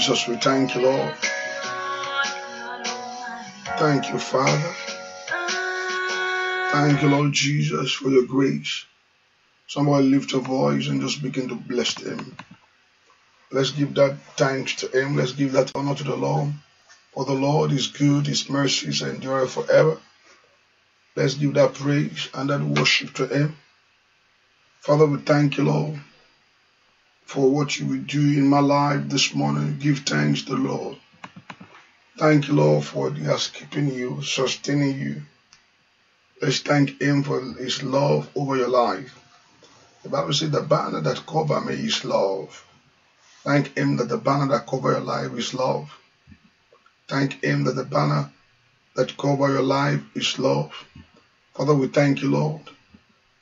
Jesus, we thank you, Lord. Thank you, Father. Thank you, Lord Jesus, for your grace. Somebody lift your voice and just begin to bless Him. Let's give that thanks to Him. Let's give that honor to the Lord. For the Lord is good, His mercies endure forever. Let's give that praise and that worship to Him. Father, we thank you, Lord for what you will do in my life this morning. Give thanks to the Lord. Thank you, Lord, for He has keeping you, sustaining you. Let's thank Him for His love over your life. The Bible says the banner that cover me is love. Thank Him that the banner that cover your life is love. Thank Him that the banner that cover your life is love. Father, we thank you, Lord,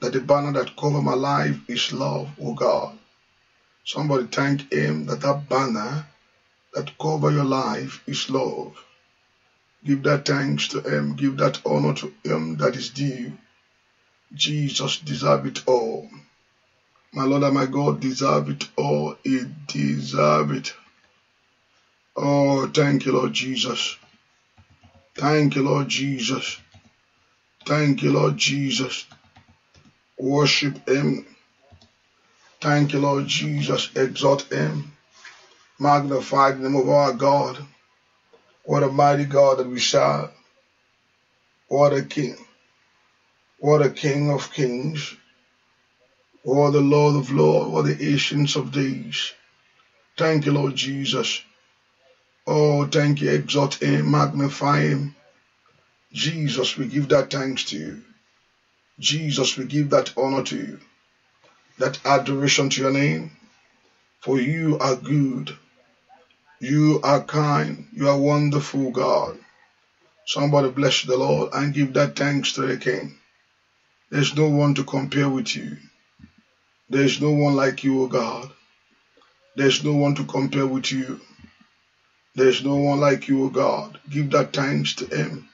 that the banner that cover my life is love, O oh God. Somebody thank Him that that banner that cover your life is love. Give that thanks to Him. Give that honor to Him that is due. Jesus deserve it all. My Lord and my God deserve it all. He deserve it. Oh, thank you, Lord Jesus. Thank you, Lord Jesus. Thank you, Lord Jesus. Worship Him. Thank you, Lord Jesus. Exalt him. Magnify the name of our God. What a mighty God that we serve. What a king. What a king of kings. What the Lord of lords. What the ancients of days. Thank you, Lord Jesus. Oh, thank you. Exalt him. Magnify him. Jesus, we give that thanks to you. Jesus, we give that honor to you that adoration to your name. For you are good. You are kind. You are wonderful, God. Somebody bless the Lord and give that thanks to the King. There's no one to compare with you. There's no one like you, O God. There's no one to compare with you. There's no one like you, O God. Give that thanks to Him.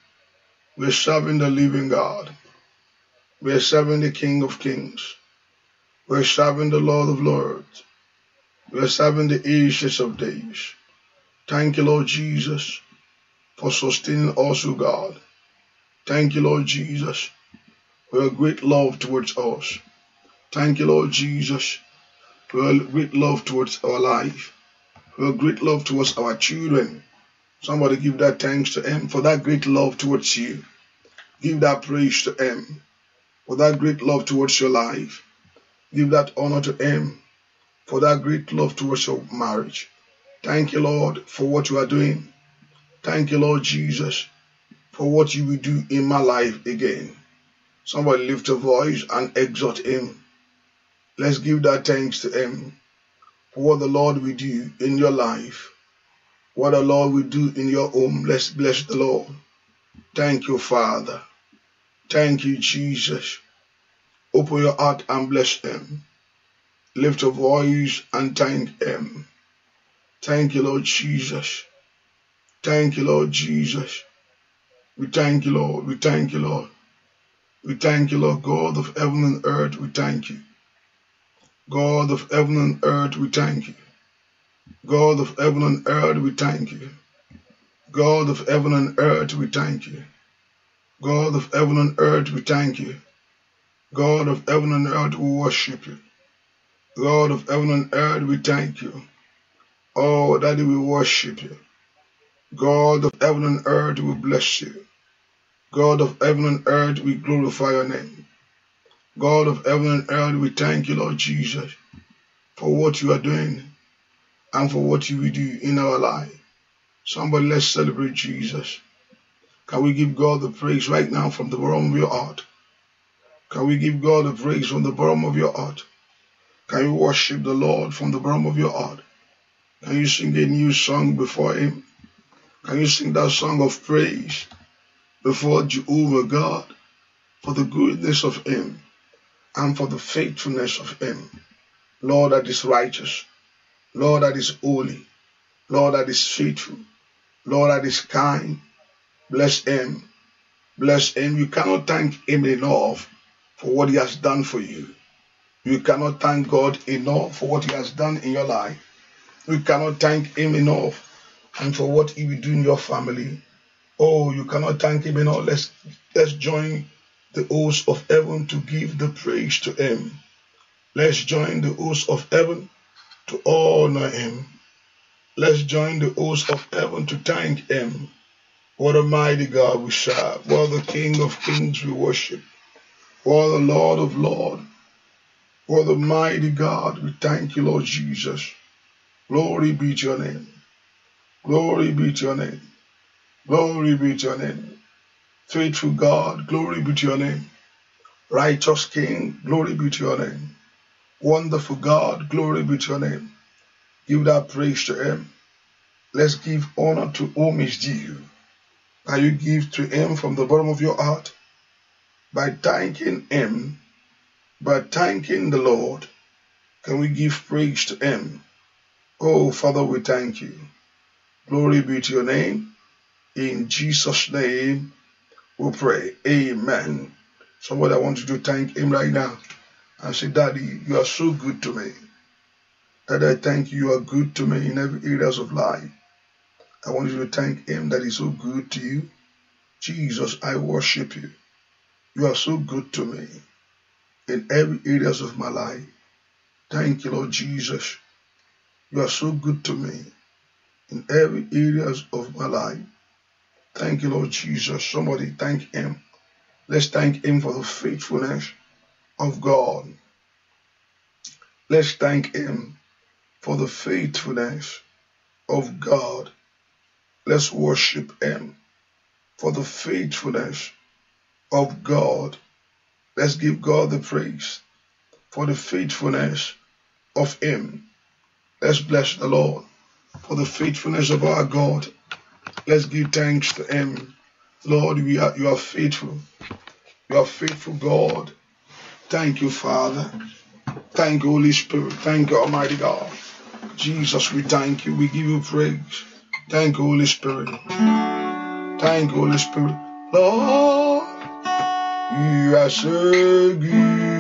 We're serving the living God. We're serving the King of Kings. We're serving the Lord of Lords. We're serving the ages of days. Thank you, Lord Jesus, for sustaining us, O God. Thank you, Lord Jesus, for your great love towards us. Thank you, Lord Jesus, for your great love towards our life, for your great love towards our children. Somebody give that thanks to Him for that great love towards you. Give that praise to Him for that great love towards your life. Give that honor to Him for that great love towards your marriage. Thank you, Lord, for what you are doing. Thank you, Lord Jesus, for what you will do in my life again. Somebody lift a voice and exhort Him. Let's give that thanks to Him for what the Lord will do in your life, what the Lord will do in your home. Let's bless the Lord. Thank you, Father. Thank you, Jesus. Open your heart and bless Him. Lift your voice and thank Him. Thank you, Lord Jesus. Thank you, Lord Jesus. We thank you, Lord. We thank you, Lord. We thank you, Lord God of heaven and earth. We thank you. God of heaven and earth, we thank you. God of heaven and earth, we thank you. God of heaven and earth, we thank you. God of heaven and earth, we thank you. God of heaven and earth, we worship you. Lord of heaven and earth, we thank you. Oh, Daddy, we worship you. God of heaven and earth, we bless you. God of heaven and earth, we glorify your name. God of heaven and earth, we thank you, Lord Jesus, for what you are doing and for what you will do in our life. Somebody, let's celebrate Jesus. Can we give God the praise right now from the bottom of your heart? Can we give God a praise from the bottom of your heart? Can you worship the Lord from the bottom of your heart? Can you sing a new song before Him? Can you sing that song of praise before Jehovah God for the goodness of Him and for the faithfulness of Him? Lord, that is righteous. Lord, that is holy. Lord, that is faithful. Lord, that is kind. Bless Him. Bless Him. You cannot thank Him enough for what He has done for you. You cannot thank God enough for what He has done in your life. You cannot thank Him enough and for what He will do in your family. Oh, you cannot thank Him enough. Let's, let's join the hosts of heaven to give the praise to Him. Let's join the hosts of heaven to honor Him. Let's join the hosts of heaven to thank Him. What a mighty God we serve. What the King of Kings we worship for the Lord of Lord, for the mighty God. We thank you, Lord Jesus. Glory be to your name. Glory be to your name. Glory be to your name. Faithful God, glory be to your name. Righteous King, glory be to your name. Wonderful God, glory be to your name. Give that praise to him. Let's give honor to whom is due. you give to him from the bottom of your heart by thanking Him, by thanking the Lord. Can we give praise to Him? Oh, Father, we thank you. Glory be to your name. In Jesus' name, we pray. Amen. Somebody, I want you to thank Him right now and say, Daddy, you are so good to me. Daddy, I thank you. You are good to me in every areas of life. I want you to thank Him that is so good to you. Jesus, I worship you. You are so good to me in every areas of my life. Thank you, Lord Jesus. You are so good to me in every areas of my life. Thank you, Lord Jesus. Somebody thank him. Let's thank him for the faithfulness of God. Let's thank him for the faithfulness of God. Let's worship him for the faithfulness of God. Let's give God the praise for the faithfulness of Him. Let's bless the Lord for the faithfulness of our God. Let's give thanks to Him. Lord, we are, you are faithful. You are faithful, God. Thank you, Father. Thank you, Holy Spirit. Thank you, Almighty God. Jesus, we thank you. We give you praise. Thank you, Holy Spirit. Thank you, Holy Spirit. Lord good.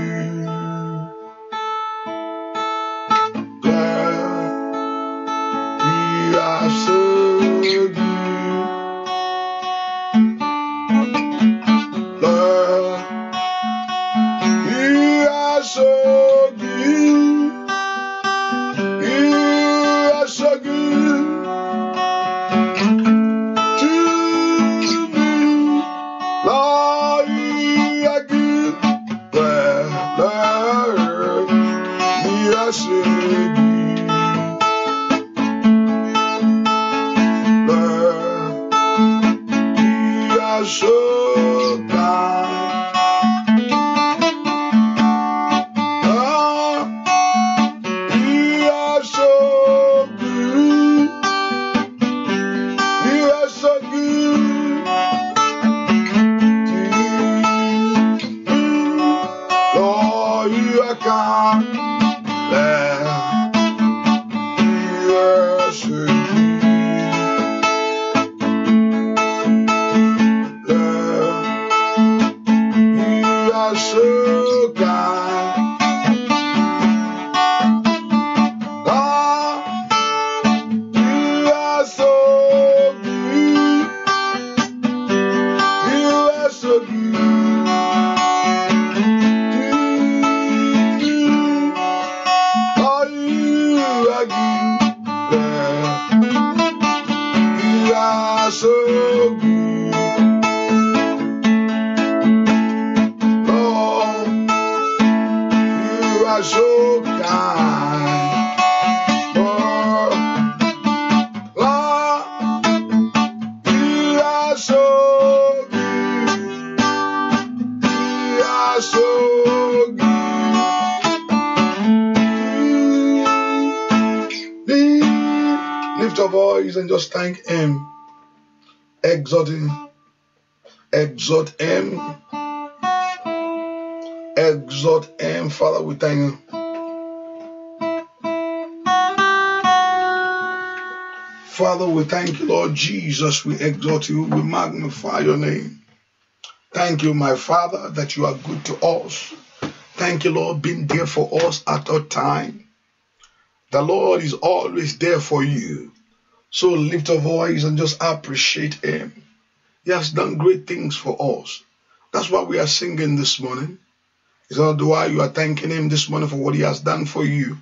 Exalt him. Exalt him. Father, we thank you. Father, we thank you, Lord Jesus. We exalt you. We magnify your name. Thank you, my Father, that you are good to us. Thank you, Lord, being there for us at all time. The Lord is always there for you. So lift a voice and just appreciate Him. He has done great things for us. That's why we are singing this morning. It's not why you are thanking Him this morning for what He has done for you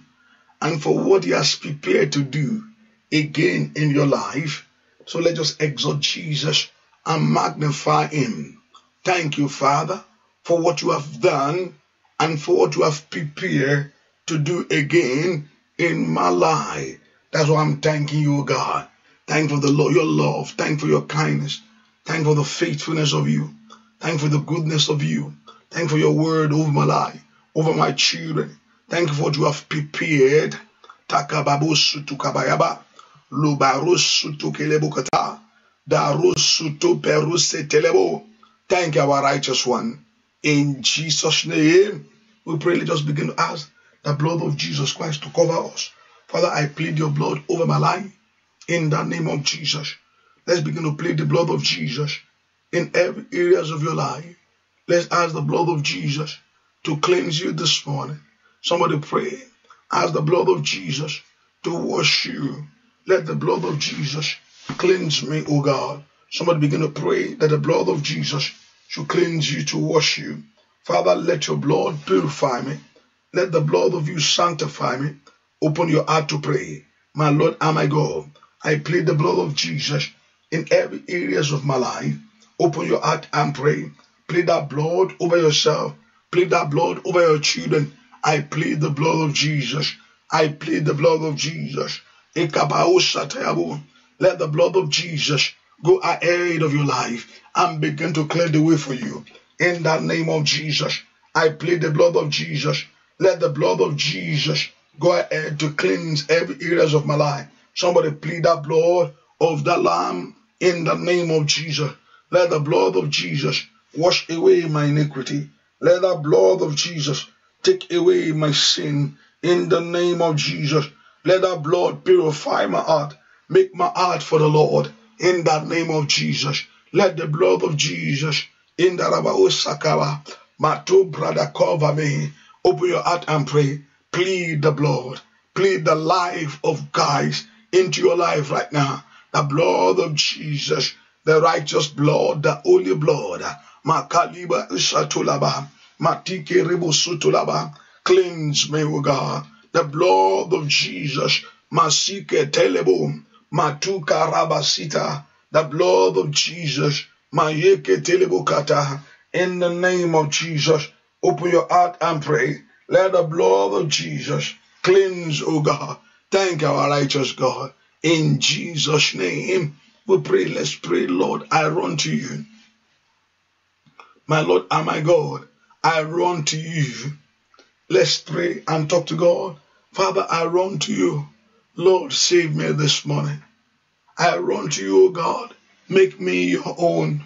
and for what He has prepared to do again in your life. So let us exalt Jesus and magnify Him. Thank you, Father, for what you have done and for what you have prepared to do again in my life. That's why I'm thanking you, God. Thank for the Lord, your love. Thank for your kindness. Thank for the faithfulness of you. Thank for the goodness of you. Thank for your word over my life, over my children. Thank you for what you have prepared. Takababusu tukabayaba. Lubarusu tukelebukata. Darusu Thank you, our righteous one. In Jesus' name, we pray. Let us begin to ask the blood of Jesus Christ to cover us. Father, I plead your blood over my life in the name of Jesus. Let's begin to plead the blood of Jesus in every areas of your life. Let's ask the blood of Jesus to cleanse you this morning. Somebody pray. Ask the blood of Jesus to wash you. Let the blood of Jesus cleanse me, O God. Somebody begin to pray that the blood of Jesus should cleanse you, to wash you. Father, let your blood purify me. Let the blood of you sanctify me. Open your heart to pray. My Lord and my God, I plead the blood of Jesus in every areas of my life. Open your heart and pray. Plead that blood over yourself. Plead that blood over your children. I plead the blood of Jesus. I plead the blood of Jesus. Let the blood of Jesus go ahead of your life and begin to clear the way for you. In the name of Jesus, I plead the blood of Jesus. Let the blood of Jesus go ahead to cleanse every areas of my life. Somebody plead that blood of the Lamb in the name of Jesus. Let the blood of Jesus wash away my iniquity. Let the blood of Jesus take away my sin in the name of Jesus. Let the blood purify my heart. Make my heart for the Lord in the name of Jesus. Let the blood of Jesus in the Rabao Sakara, my two brother, cover me. Open your heart and pray. Plead the blood. Plead the life of Christ into your life right now the blood of Jesus, the righteous blood, the holy blood. Makaliba Shatulaba, Matike Rebusutulaba, cleanse me, O God, the blood of Jesus, Masike Telebo, Matuka Rabasita, the blood of Jesus, Mayeke Telebukata, in the name of Jesus, open your heart and pray. Let the blood of Jesus cleanse, O God. Thank our righteous God. In Jesus' name, we pray. Let's pray, Lord. I run to you. My Lord and ah, my God, I run to you. Let's pray and talk to God. Father, I run to you. Lord, save me this morning. I run to you, O God. Make me your own.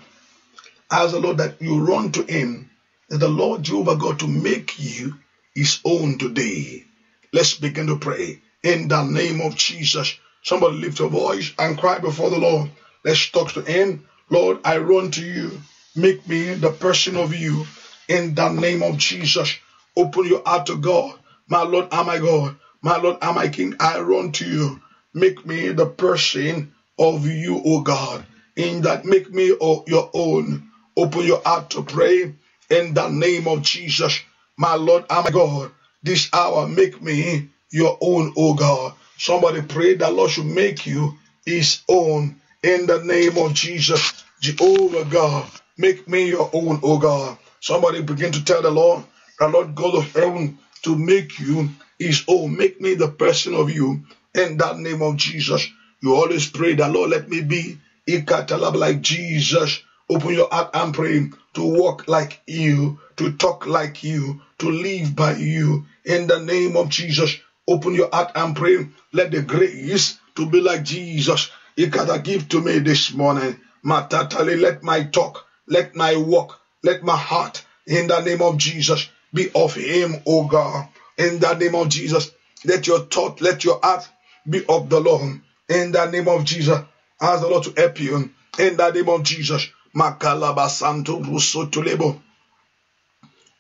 Ask the Lord that you run to him, that the Lord Jehovah God to make you his own today. Let's begin to pray. In the name of Jesus, Somebody lift your voice and cry before the Lord. Let's talk to Him. Lord, I run to you. Make me the person of you. In the name of Jesus, open your heart to God. My Lord and my God. My Lord and my King, I run to you. Make me the person of you, O God. In that, make me your own. Open your heart to pray. In the name of Jesus, my Lord and my God. This hour, make me your own, O God Somebody pray that Lord should make you his own in the name of Jesus. Jehovah God, make me your own, oh God. Somebody begin to tell the Lord, the Lord God of heaven, to make you his own. Make me the person of you in that name of Jesus. You always pray that, Lord, let me be like Jesus. Open your heart and pray to walk like you, to talk like you, to live by you. In the name of Jesus, Open your heart and pray. Let the grace to be like Jesus, you gotta give to me this morning. Matatali, let my talk, let my walk, let my heart, in the name of Jesus, be of Him, O God. In the name of Jesus, let your thought, let your heart be of the Lord. In the name of Jesus, ask the Lord to help you. In the name of Jesus, Makalabasanto labor.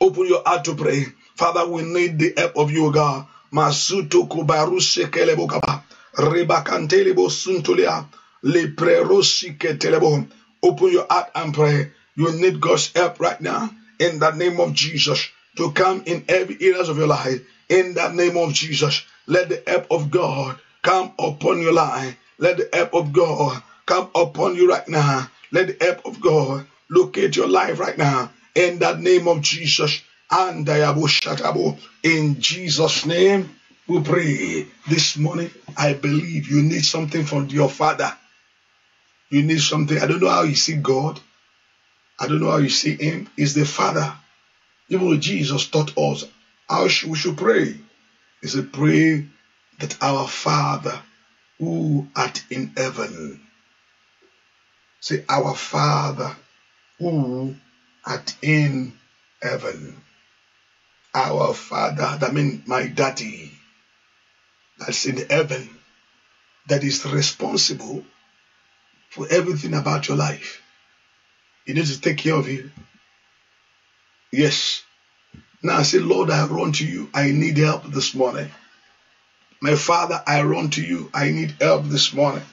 Open your heart to pray. Father, we need the help of you, God. Masuto kubarushe kelebokaba. Rebakantelebo suntulia. Lepreroshi ketelebo. Open your heart and pray. You need God's help right now in the name of Jesus to come in every areas of your life. In the name of Jesus, let the help of God come upon your life. Let the help of God come upon you right now. Let the help of God locate your life right now. In the name of Jesus, and in Jesus' name, we pray. This morning, I believe you need something from your Father. You need something. I don't know how you see God. I don't know how you see Him. Is the Father. Even Jesus taught us how we should pray. He said, Pray that our Father who art in heaven. Say, Our Father who art in heaven. Our Father, that means my daddy, that's in heaven, that is responsible for everything about your life. He needs to take care of you. Yes. Now I say, Lord, I run to you. I need help this morning. My Father, I run to you. I need help this morning.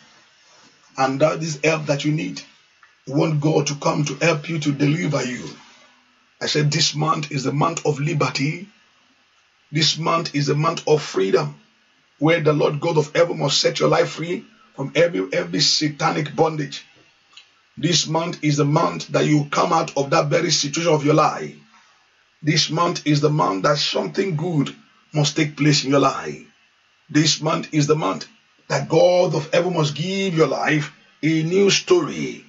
And that is help that you need. You want God to come to help you to deliver you. I said this month is the month of liberty. This month is the month of freedom, where the Lord God of heaven must set your life free from every every satanic bondage. This month is the month that you come out of that very situation of your life. This month is the month that something good must take place in your life. This month is the month that God of heaven must give your life a new story.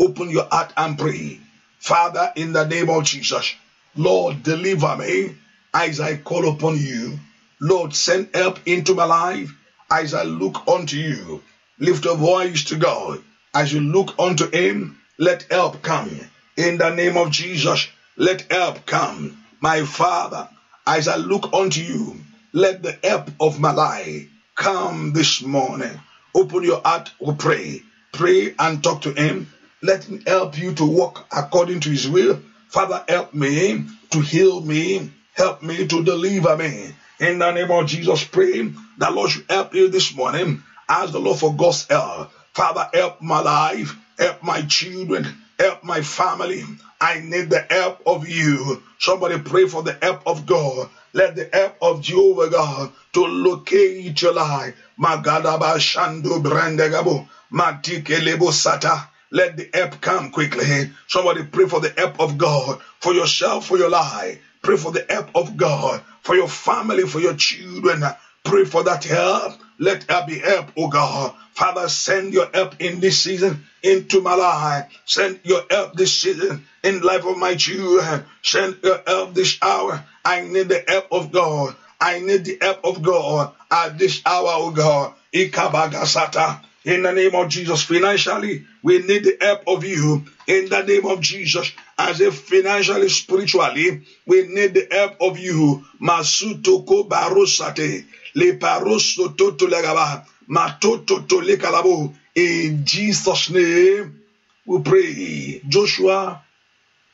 Open your heart and pray. Father, in the name of Jesus, Lord, deliver me as I call upon you. Lord, send help into my life as I look unto you. Lift a voice to God. As you look unto him, let help come. In the name of Jesus, let help come. My Father, as I look unto you, let the help of my life come this morning. Open your heart, we pray. Pray and talk to him let Him help you to walk according to his will. Father, help me to heal me. Help me to deliver me. In the name of Jesus, pray that Lord should help you this morning. Ask the Lord for God's help. Father, help my life. Help my children. Help my family. I need the help of you. Somebody pray for the help of God. Let the help of Jehovah God to locate your life. Magadaba Shandu brandegabu. Matikelebo Sata. Let the help come quickly. Somebody pray for the help of God for yourself, for your life. Pray for the help of God for your family, for your children. Pray for that help. Let there be help, O oh God. Father, send your help in this season into my life. Send your help this season in life of my children. Send your help this hour. I need the help of God. I need the help of God at this hour, O oh God. Ikabagasata in the name of Jesus. Financially, we need the help of you in the name of Jesus. As if financially, spiritually, we need the help of you. Masutoko barosate, le paroso toto legaba, matoto to lekalabo. In Jesus' name, we pray. Joshua,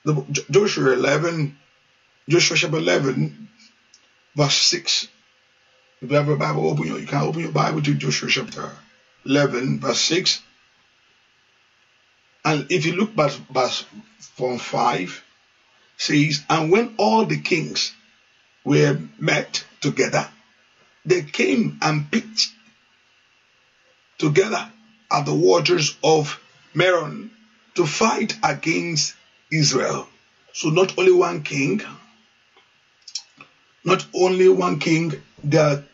the, Joshua 11, Joshua chapter 11, verse 6. If you have a Bible, open your, you can open your Bible to Joshua chapter 11, verse 6. And if you look back, verse from 5, says, And when all the kings were met together, they came and pitched together at the waters of Meron to fight against Israel. So not only one king, not only one king, there are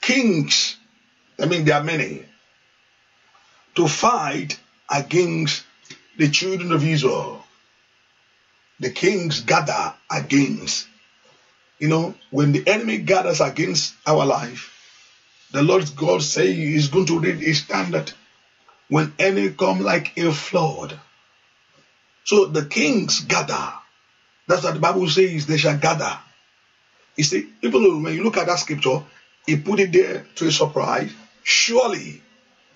kings. I mean, there are many to fight against the children of Israel. The kings gather against. You know, when the enemy gathers against our life, the Lord God say He's going to read His standard when any come like a flood. So the kings gather. That's what the Bible says they shall gather. You see, even when you look at that scripture, he put it there to a surprise. Surely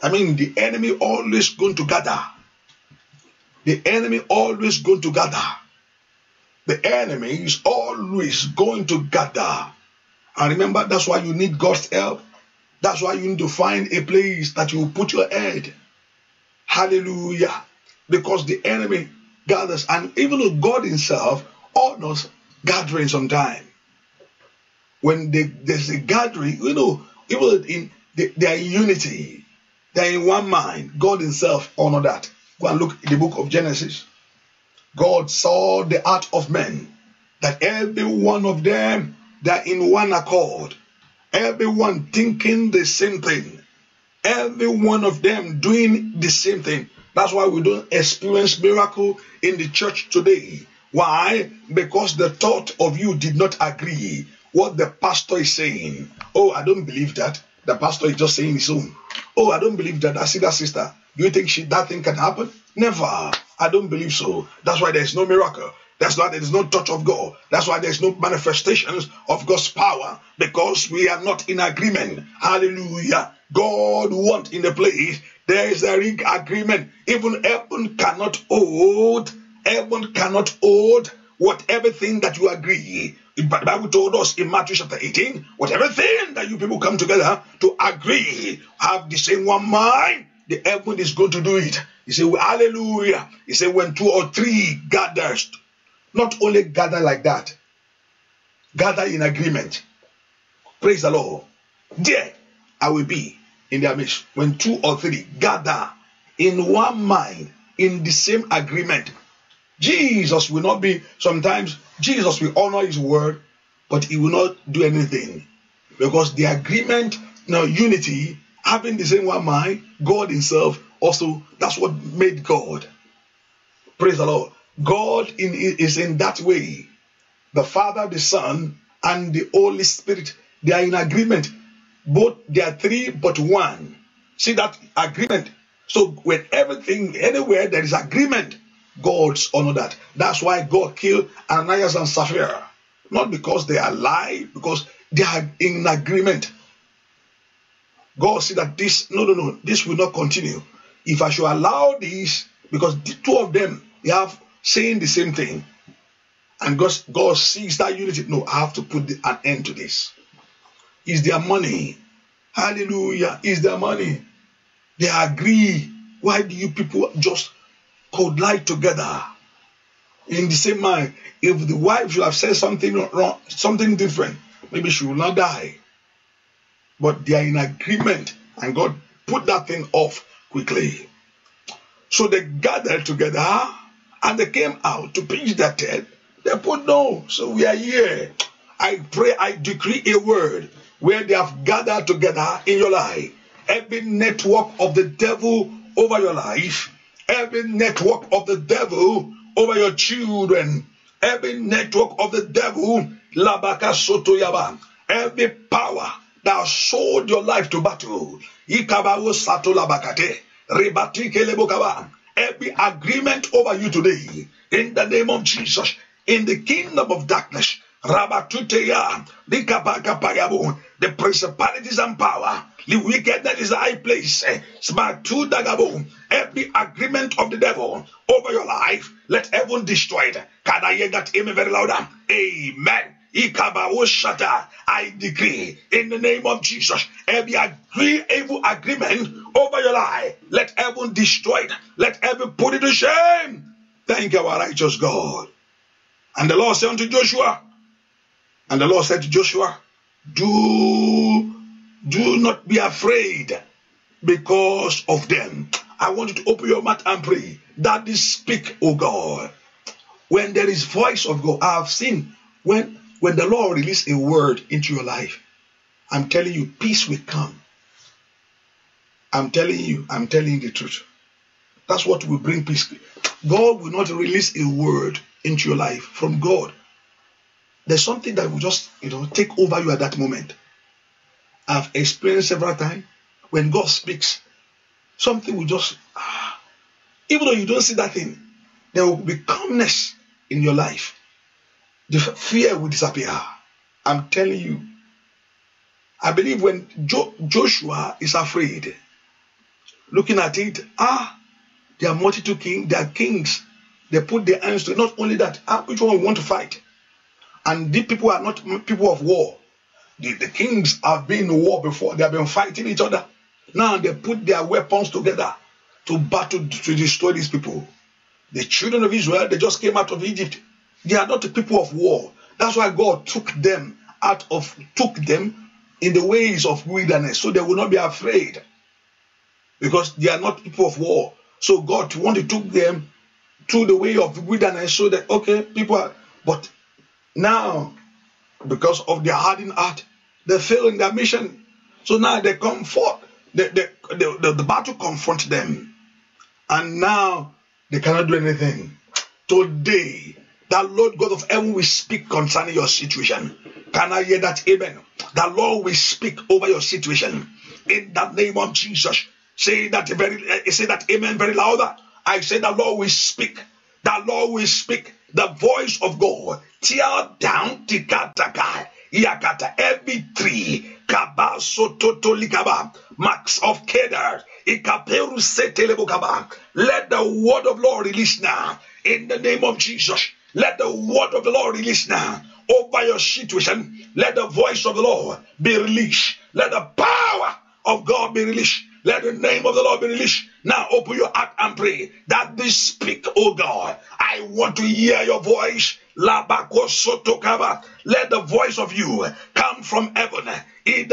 I mean, the enemy always going to gather. The enemy always going to gather. The enemy is always going to gather. And remember, that's why you need God's help. That's why you need to find a place that you put your head. Hallelujah. Because the enemy gathers, and even God Himself honors gathering sometime. When they, there's a gathering, you know, even in their unity. They're in one mind. God Himself honored that. Go and look in the book of Genesis. God saw the heart of men, that every one of them, they're in one accord. Everyone thinking the same thing. Every one of them doing the same thing. That's why we don't experience miracle in the church today. Why? Because the thought of you did not agree what the pastor is saying. Oh, I don't believe that. The pastor is just saying his own. Oh, I don't believe that. I see that sister. Do you think she, that thing can happen? Never. I don't believe so. That's why there's no miracle. That's why there's no touch of God. That's why there's no manifestations of God's power because we are not in agreement. Hallelujah. God want in the place. There is a ring agreement. Even heaven cannot hold. Heaven cannot hold what everything that you agree. But Bible told us in Matthew chapter 18, whatever thing that you people come together to agree, have the same one mind, the heaven is going to do it. He said, Hallelujah. He said, when two or three gathers, not only gather like that, gather in agreement. Praise the Lord. There I will be in their midst. When two or three gather in one mind, in the same agreement, Jesus will not be, sometimes Jesus will honor his word, but he will not do anything. Because the agreement, now unity, having the same one mind, God himself also, that's what made God. Praise the Lord. God in, is in that way. The Father, the Son, and the Holy Spirit, they are in agreement. Both, they are three, but one. See that agreement. So when everything, anywhere there is agreement, God's honor that. That's why God killed Ananias and Sapphira. Not because they are lying, because they are in agreement. God said that this, no, no, no, this will not continue. If I should allow this, because the two of them, they have saying the same thing. And God, God sees that unity. No, I have to put the, an end to this. Is their money? Hallelujah. Is their money? They agree. Why do you people just could lie together in the same mind. If the wife should have said something wrong, something different, maybe she will not die. But they are in agreement, and God put that thing off quickly. So they gathered together and they came out to pitch their tent. They put no, so we are here. I pray, I decree a word where they have gathered together in your life. Every network of the devil over your life every network of the devil over your children, every network of the devil, Labaka Sotoyaba, every power that sold your life to battle, Ikabawo Sato Labakate, Rebatikelebokaba, every agreement over you today, in the name of Jesus, in the kingdom of darkness, Rabatuteya, the principalities and power the wickedness is a high place. Eh, every agreement of the devil over your life, let heaven destroy it. Can I hear that amen very louder? Amen. I decree in the name of Jesus every agree, evil agreement over your life, let heaven destroy it, let heaven put it to shame. Thank our righteous God. And the Lord said unto Joshua, and the Lord said to Joshua, Do do not be afraid because of them. I want you to open your mouth and pray. Daddy, speak, O God. When there is voice of God, I have seen when when the Lord release a word into your life, I'm telling you, peace will come. I'm telling you, I'm telling the truth. That's what will bring peace. God will not release a word into your life from God. There's something that will just, you know, take over you at that moment. I've experienced several times when God speaks, something will just, ah, even though you don't see that thing, there will be calmness in your life. The fear will disappear. I'm telling you. I believe when jo Joshua is afraid, looking at it, ah, they are multitude kings, They are kings. They put their hands to it. Not only that, ah, which one we want to fight? And these people are not people of war. The, the kings have been in war before. They have been fighting each other. Now they put their weapons together to battle to destroy these people. The children of Israel, they just came out of Egypt. They are not the people of war. That's why God took them out of, took them in the ways of wilderness so they will not be afraid because they are not people of war. So God wanted to take them through the way of wilderness so that, okay, people are, but now because of their hardened heart, they fail in their mission. So now they come forth. They, they, they, the, the battle confronts them. And now they cannot do anything. Today, that Lord God of heaven will speak concerning your situation. Can I hear that? Amen. The Lord will speak over your situation. In the name of Jesus. Say that very eh, say that amen very louder. I say the Lord will speak. The Lord will speak the voice of God. Tear down tikatakai. Yakata every tree. Kabaso totolikaba. Max of Kedar. Ikaperu setelebukaba. Let the word of Lord release now. In the name of Jesus. Let the word of the Lord release now. Over your situation. Let the voice of the Lord be released. Let the power of God be released let the name of the Lord be released. Now open your heart and pray that they speak, oh God. I want to hear your voice. Let the voice of you come from heaven. Let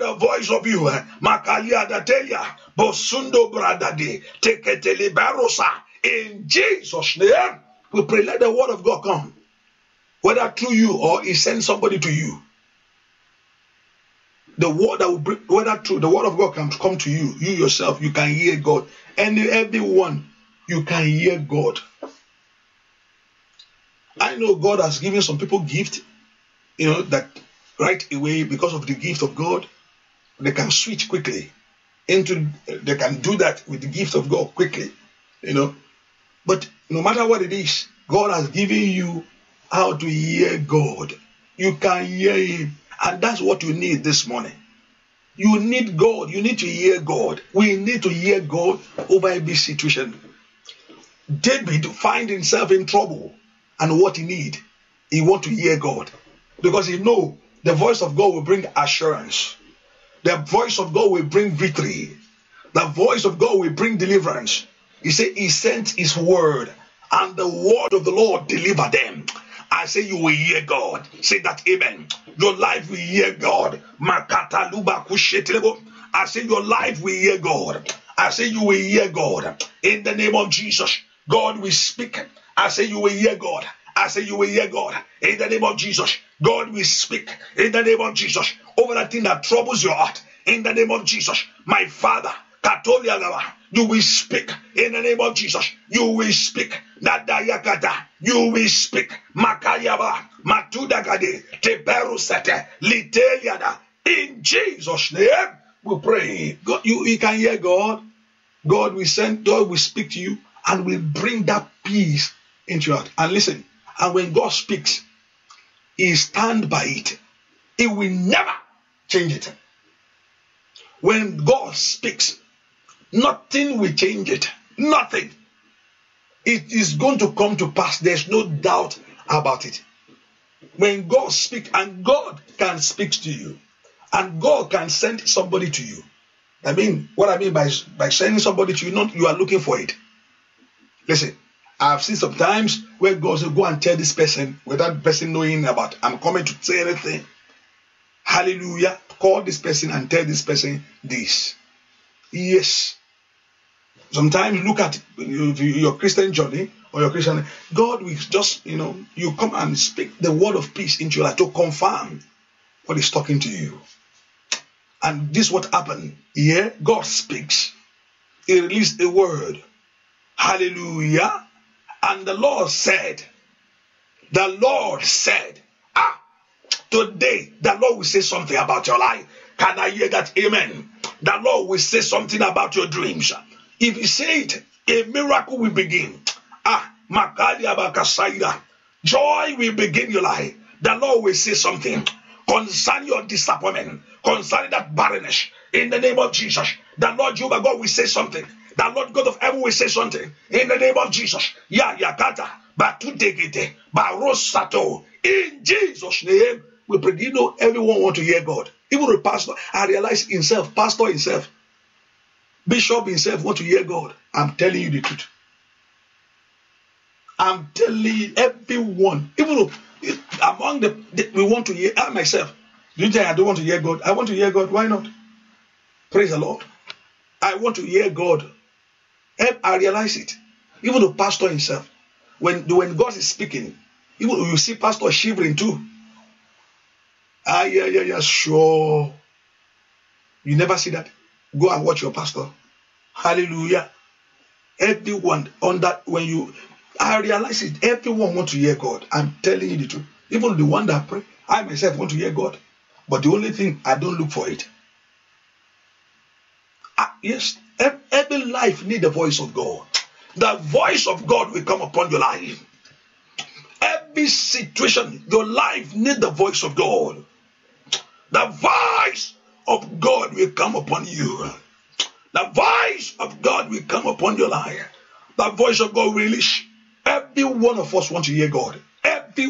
the voice of you, Makalia Dateya, Bosundo Bradade, Teketele In Jesus' name, we pray. Let the word of God come. Whether through you or He sends somebody to you the word that will bring, whether through the word of God can come to you, you yourself, you can hear God. And everyone, you can hear God. I know God has given some people gift, you know, that right away because of the gift of God, they can switch quickly into they can do that with the gift of God quickly, you know. But no matter what it is, God has given you how to hear God. You can hear Him. And that's what you need this morning. You need God. You need to hear God. We need to hear God over every situation. David find himself in trouble and what he need. He want to hear God because he know the voice of God will bring assurance. The voice of God will bring victory. The voice of God will bring deliverance. He said he sent his word and the word of the Lord delivered them. I say you will hear God. Say that amen. Your life will hear God. I say your life will hear God. I say you will hear God. In the name of Jesus, God will speak. I say you will hear God. I say you will hear God. In the name of Jesus, God will speak. In the name of Jesus, over that thing that troubles your heart. In the name of Jesus, my Father, Katolia you will speak in the name of Jesus. You will speak. Nadayagada. You will speak. Makayaba. Matudagade. Teberusete. Liteliada. In Jesus' name, we pray. God, you, you can hear God. God will send, God will speak to you and will bring that peace into your heart. And listen, and when God speaks, He stand by it. He will never change it. When God speaks, Nothing will change it. Nothing. It is going to come to pass. There's no doubt about it. When God speaks, and God can speak to you, and God can send somebody to you. I mean, what I mean by, by sending somebody to you, not you are looking for it. Listen, I've seen some times where God will go and tell this person without the person knowing about I'm coming to say anything. Hallelujah. Call this person and tell this person this. Yes, Sometimes look at your Christian journey or your Christian. God will just, you know, you come and speak the word of peace into your life to confirm what He's talking to you. And this what happened. Yeah, God speaks. He released a word. Hallelujah. And the Lord said, the Lord said, ah, today the Lord will say something about your life. Can I hear that? Amen. The Lord will say something about your dreams. If you say it, a miracle will begin. Ah, makali Makalia Joy will begin your life. The Lord will say something concerning your disappointment, concerning that barrenness. In the name of Jesus, the Lord Jehovah God will say something. The Lord God of heaven will say something. In the name of Jesus. Ya yakata. Batudegete. Barosato. In Jesus' name, we pray. You know, everyone want to hear God. Even the pastor, I realize himself, pastor himself, Bishop himself want to hear God. I'm telling you the truth. I'm telling everyone, even among the, the we want to hear. I myself, do you think I don't want to hear God? I want to hear God. Why not? Praise the Lord. I want to hear God. And I realize it. Even the pastor himself, when when God is speaking, even you see pastor shivering too. Ah yeah yeah yeah sure. You never see that. Go and watch your pastor. Hallelujah. Everyone on that, when you, I realize it, everyone want to hear God. I'm telling you the truth. Even the one that pray, I myself want to hear God. But the only thing, I don't look for it. I, ah, yes, every life need the voice of God. The voice of God will come upon your life. Every situation, your life need the voice of God. The voice of God will come upon you. The voice of God will come upon your life. The voice of God will release. Every one of us want to hear God. Every,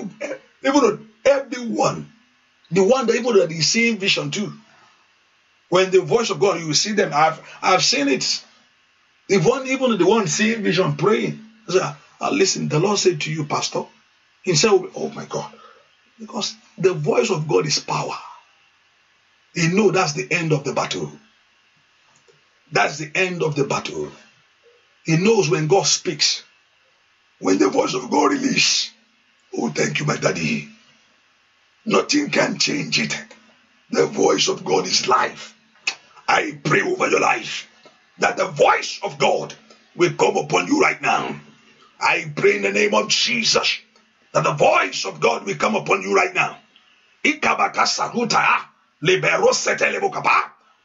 even everyone, the one that even that is seeing vision too. When the voice of God, you will see them. I've I've seen it. The one, even the one seeing vision, praying. I said, ah, listen, the Lord said to you, Pastor. He said, Oh my God. Because the voice of God is power. He know that's the end of the battle. That's the end of the battle. He knows when God speaks, when the voice of God releases. Oh, thank you, my daddy. Nothing can change it. The voice of God is life. I pray over your life that the voice of God will come upon you right now. I pray in the name of Jesus that the voice of God will come upon you right now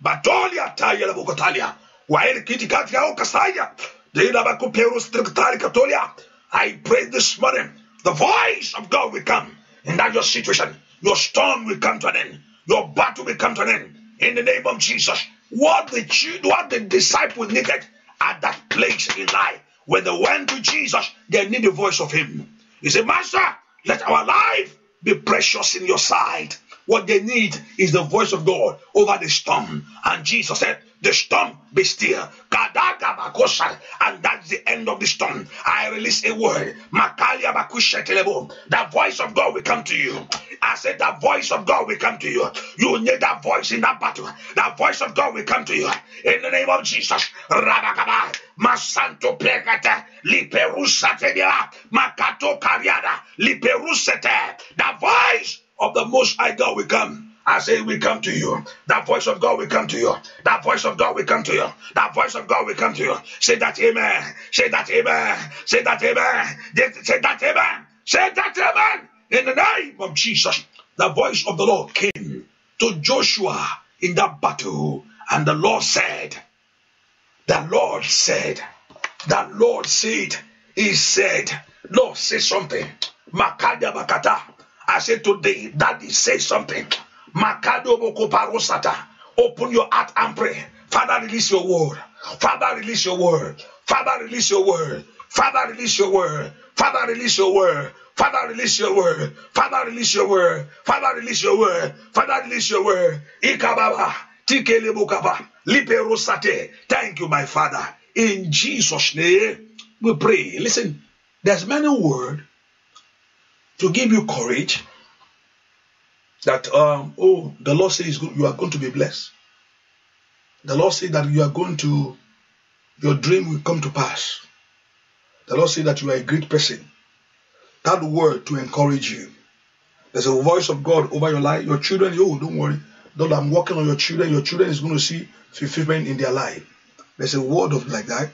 batolia taya la bokotalia waele kiti kati yao kasaya dila bakuperus triktari katolia I pray this morning the voice of God will come in that your situation your storm will come to an end your battle will come to an end in the name of Jesus what the what the disciples needed at that place in life when they went to Jesus they need the voice of him he said master let our life be precious in your sight what they need is the voice of God over the storm. And Jesus said, The storm be still. And that's the end of the storm. I release a word. That voice of God will come to you. I said, That voice of God will come to you. You need that voice in that battle. That voice of God will come to you. In the name of Jesus. Masanto plegata liperusa tebia makato kariada liperusete. The voice of the Most High God will come. I say, we come to you. That voice of God will come to you. That voice of God will come to you. That voice of God will come to you. Say that amen. Say that amen. Say that amen. Say that amen. Say that amen. In the name of Jesus, the voice of the Lord came to Joshua in that battle. And the Lord said, the Lord said, the Lord said, He said, Lord, say something. Makada bakata. I say today, Daddy, say something. Makado Bokoparo Sata. Open your heart and pray. Father, release your word. Father, release your word. Father, release your word. Father, release your word. Father, release your word. Father, release your word. Father, release your word. Father, release your word. Father, release your word. Ikababa. Tikele Bokaba. Lipero Sate. Thank you, my Father. In Jesus' name, we pray. Listen, there's many word to give you courage that, um, oh, the Lord says you are going to be blessed. The Lord says that you are going to, your dream will come to pass. The Lord says that you are a great person. That word to encourage you. There's a voice of God over your life. Your children, oh, don't worry. Lord, I'm working on your children. Your children is going to see fulfillment in their life. There's a word of like that.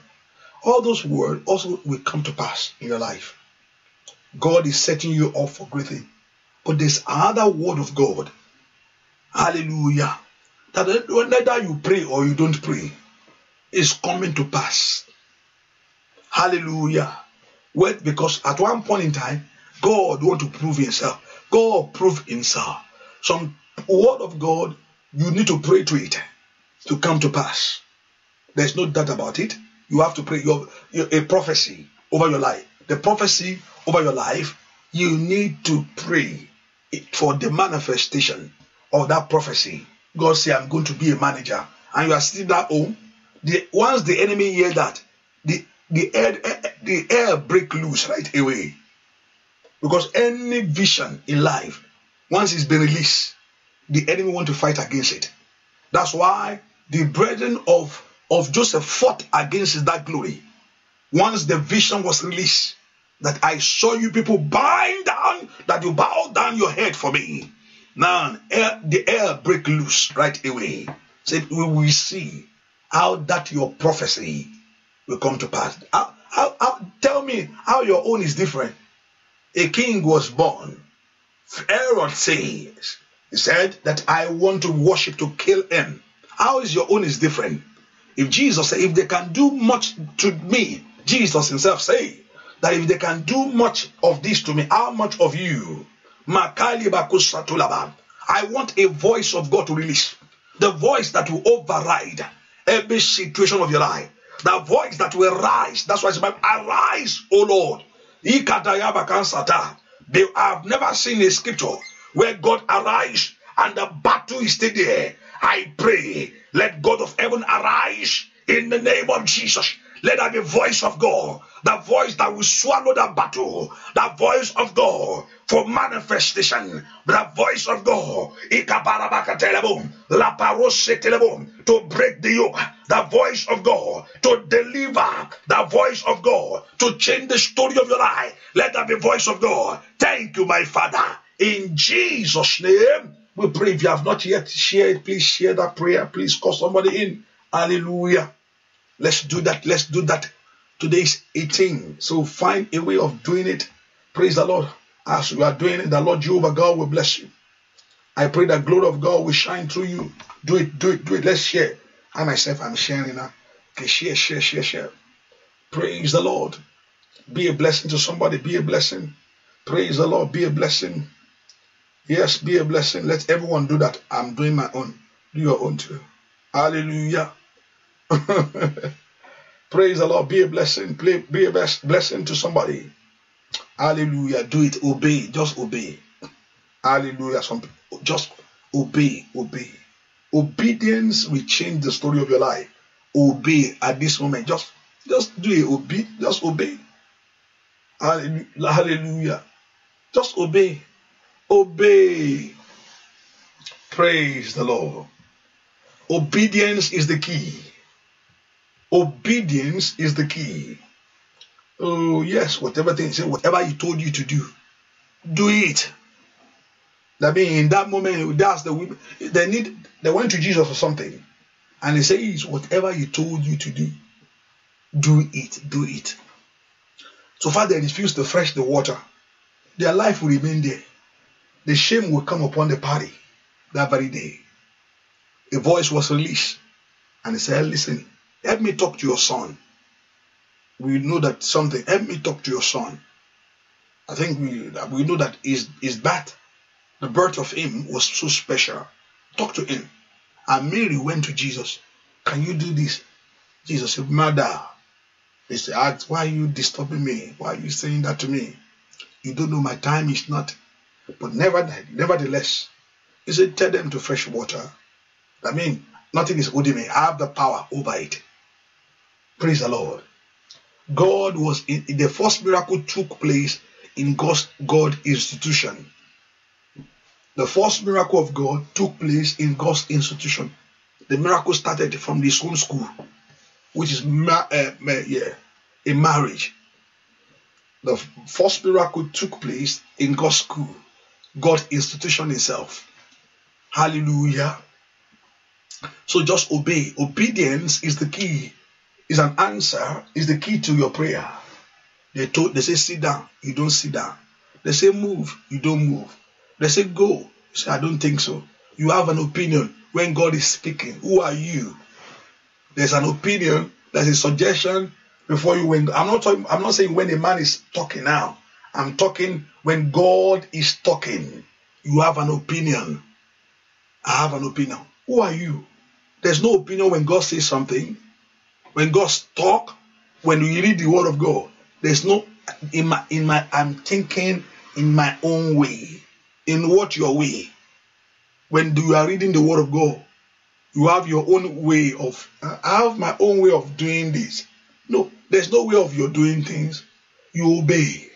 All those words also will come to pass in your life. God is setting you up for great things. But there's another word of God. Hallelujah. That whether you pray or you don't pray, is coming to pass. Hallelujah. wait because at one point in time, God want to prove himself. God prove himself. Some word of God, you need to pray to it to come to pass. There's no doubt about it. You have to pray. You have a prophecy over your life. The prophecy over your life, you need to pray for the manifestation of that prophecy. God say, I'm going to be a manager, and you are still that home. The, once the enemy hear that, the the air eh, eh, the air break loose right away, because any vision in life, once it's been released, the enemy want to fight against it. That's why the brethren of of Joseph fought against that glory. Once the vision was released, that I saw you people bind down, that you bow down your head for me. Now, air, the air break loose right away. Said, we will see how that your prophecy will come to pass. How, how, how, tell me how your own is different. A king was born. Pharaoh says, he said that I want to worship to kill him. How is your own is different? If Jesus if they can do much to me, Jesus himself say that if they can do much of this to me, how much of you? I want a voice of God to release. The voice that will override every situation of your life. The voice that will rise. That's why it's about arise, O Lord. I've never seen a scripture where God arise and the battle is still there. I pray, let God of heaven arise in the name of Jesus. Let there be voice of God, the voice that will swallow the battle, the voice of God for manifestation, the voice of God to break the yoke, the voice of God to deliver, the voice of God to change the story of your life. Let there be voice of God. Thank you, my Father. In Jesus' name, we pray. If you have not yet shared, please share that prayer. Please call somebody in. Hallelujah. Let's do that. Let's do that. Today is 18. So find a way of doing it. Praise the Lord. As we are doing it, the Lord Jehovah God will bless you. I pray the glory of God will shine through you. Do it, do it, do it. Let's share. I myself, I'm sharing now. Okay, share, share, share, share. Praise the Lord. Be a blessing to somebody. Be a blessing. Praise the Lord. Be a blessing. Yes, be a blessing. Let everyone do that. I'm doing my own. Do your own too. Hallelujah. Praise the Lord. Be a blessing. Be a blessing to somebody. Hallelujah. Do it. Obey. Just obey. Hallelujah. just obey. Obey. Obedience will change the story of your life. Obey at this moment. Just just do it. Obey. Just obey. Hallelujah. Just obey. Obey. Praise the Lord. Obedience is the key. Obedience is the key. Oh, yes, whatever thing, say whatever he told you to do, do it. That means in that moment, that's the They need. They went to Jesus for something, and he says, "Whatever he told you to do, do it. Do it." So far, they refuse to fresh the water. Their life will remain there. The shame will come upon the party that very day. A voice was released, and he said, "Listen, Help me talk to your son. We know that something. Help me talk to your son. I think we we know that is is that the birth of him was so special. Talk to him. And Mary went to Jesus. Can you do this? Jesus said, Mother. He said, Why are you disturbing me? Why are you saying that to me? You don't know my time is not. But nevertheless, he said, Tell them to fresh water. I mean, nothing is holding me. I have the power over it. Praise the Lord. God was in, the first miracle took place in God's God institution. The first miracle of God took place in God's institution. The miracle started from this home school, which is ma- uh, ma- yeah, a marriage. The first miracle took place in God's school, God's institution itself. Hallelujah. So just obey. Obedience is the key is an answer, is the key to your prayer. They told they say sit down, you don't sit down. They say move, you don't move. They say go. You say, I don't think so. You have an opinion when God is speaking. Who are you? There's an opinion, there's a suggestion before you when I'm not talking, I'm not saying when a man is talking now. I'm talking when God is talking. You have an opinion. I have an opinion. Who are you? There's no opinion when God says something. When God talk, when we read the word of God, there's no in my in my I'm thinking in my own way. In what your way? When you are reading the word of God, you have your own way of I have my own way of doing this. No, there's no way of your doing things. You obey.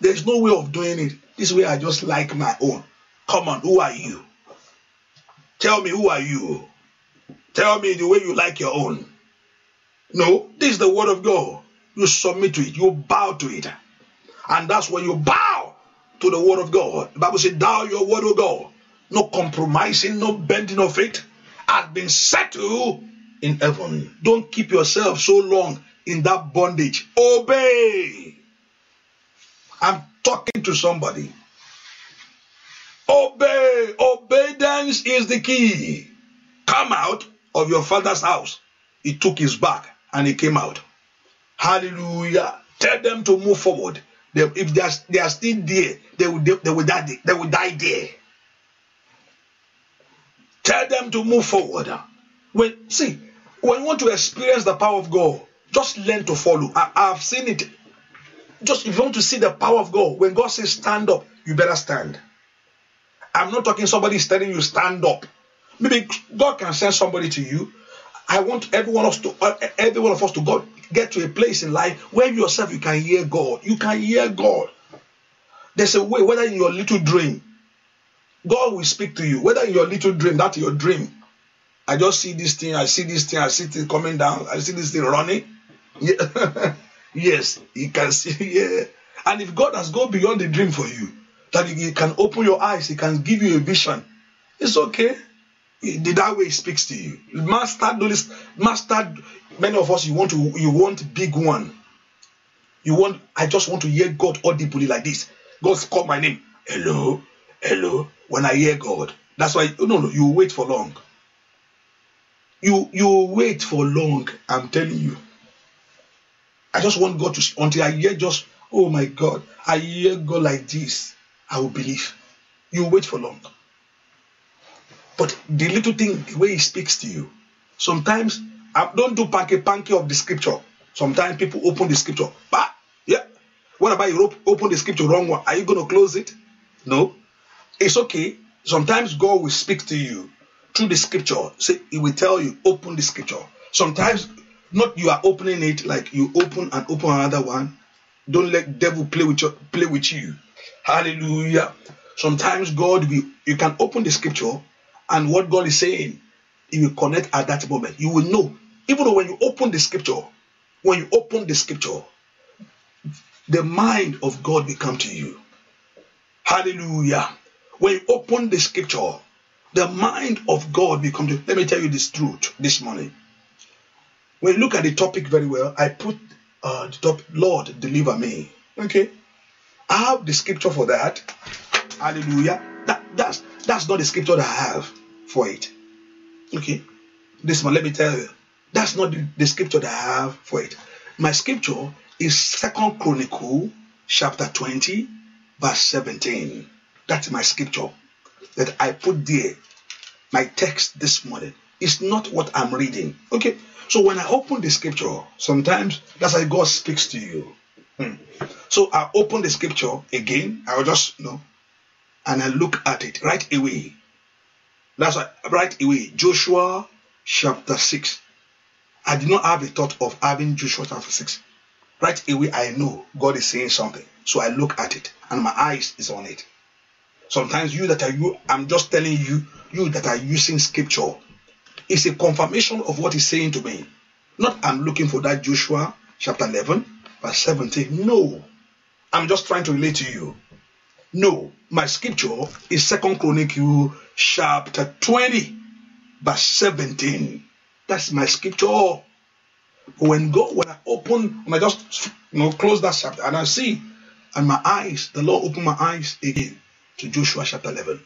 There's no way of doing it. This way I just like my own. Come on, who are you? Tell me who are you? Tell me the way you like your own. No, this is the word of God. You submit to it, you bow to it. And that's when you bow to the word of God. The Bible says, Thou your word, O God. No compromising, no bending of it has been settled in heaven. Don't keep yourself so long in that bondage. Obey. I'm talking to somebody. Obey. Obedience is the key. Come out of your father's house. He took his bag and he came out. Hallelujah. Tell them to move forward. They, if they are, they are, still there, they will, they, will die, they will die there. Tell them to move forward. When see, when you want to experience the power of God, just learn to follow. I, I've seen it. Just if you want to see the power of God, when God says stand up, you better stand. I'm not talking somebody telling you stand up. Maybe God can send somebody to you. I want everyone of us to uh, every one of us to go get to a place in life where yourself you can hear God. You can hear God. There's a way, whether in your little dream, God will speak to you. Whether in your little dream, that's your dream. I just see this thing, I see this thing, I see it coming down, I see this thing running. Yeah. yes, you can see. Yeah. And if God has gone beyond the dream for you, that He can open your eyes, He can give you a vision. It's okay. that way he speaks to you master do this. master many of us you want to you want big one you want i just want to hear god audibly like this god call my name hello hello when i hear god that's why no no you wait for long you you wait for long i'm telling you i just want god to until i hear just oh my god i hear god like this i will believe you wait for long But the little thing, the way he speaks to you, sometimes I don't do panky panky of the scripture. Sometimes people open the scripture. Bah, yeah. What about you open the scripture wrong one? Are you going to close it? No. It's okay. Sometimes God will speak to you through the scripture. Say, He will tell you, open the scripture. Sometimes not you are opening it like you open and open another one. Don't let devil play with you. Play with you. Hallelujah. Sometimes God will. You can open the scripture and what God is saying, you will connect at that moment. You will know. Even when you open the scripture, when you open the scripture, the mind of God will come to you. Hallelujah. When you open the scripture, the mind of God will come to you. Let me tell you this truth this morning. When you look at the topic very well, I put uh, the top, Lord, deliver me. Okay. I have the scripture for that. Hallelujah. That, that's that's not the scripture that I have for it. Okay? This one, let me tell you. That's not the, the scripture that I have for it. My scripture is Second Chronicle chapter 20, verse 17. That's my scripture that I put there, my text this morning. It's not what I'm reading. Okay? So when I open the scripture, sometimes that's how God speaks to you. Hmm. So I open the scripture again. I'll just you know and I look at it right away. That's right away. Joshua chapter 6. I did not have the thought of having Joshua chapter 6. Right away, I know God is saying something. So I look at it and my eyes is on it. Sometimes you that are you, I'm just telling you, you that are using scripture. It's a confirmation of what he's saying to me. Not I'm looking for that Joshua chapter 11, verse 17. No. I'm just trying to relate to you. No, my scripture is Second Chronicle chapter 20, verse 17. That's my scripture. When God, when I open, when I just you know close that chapter and I see, and my eyes, the Lord opened my eyes again to Joshua chapter 11.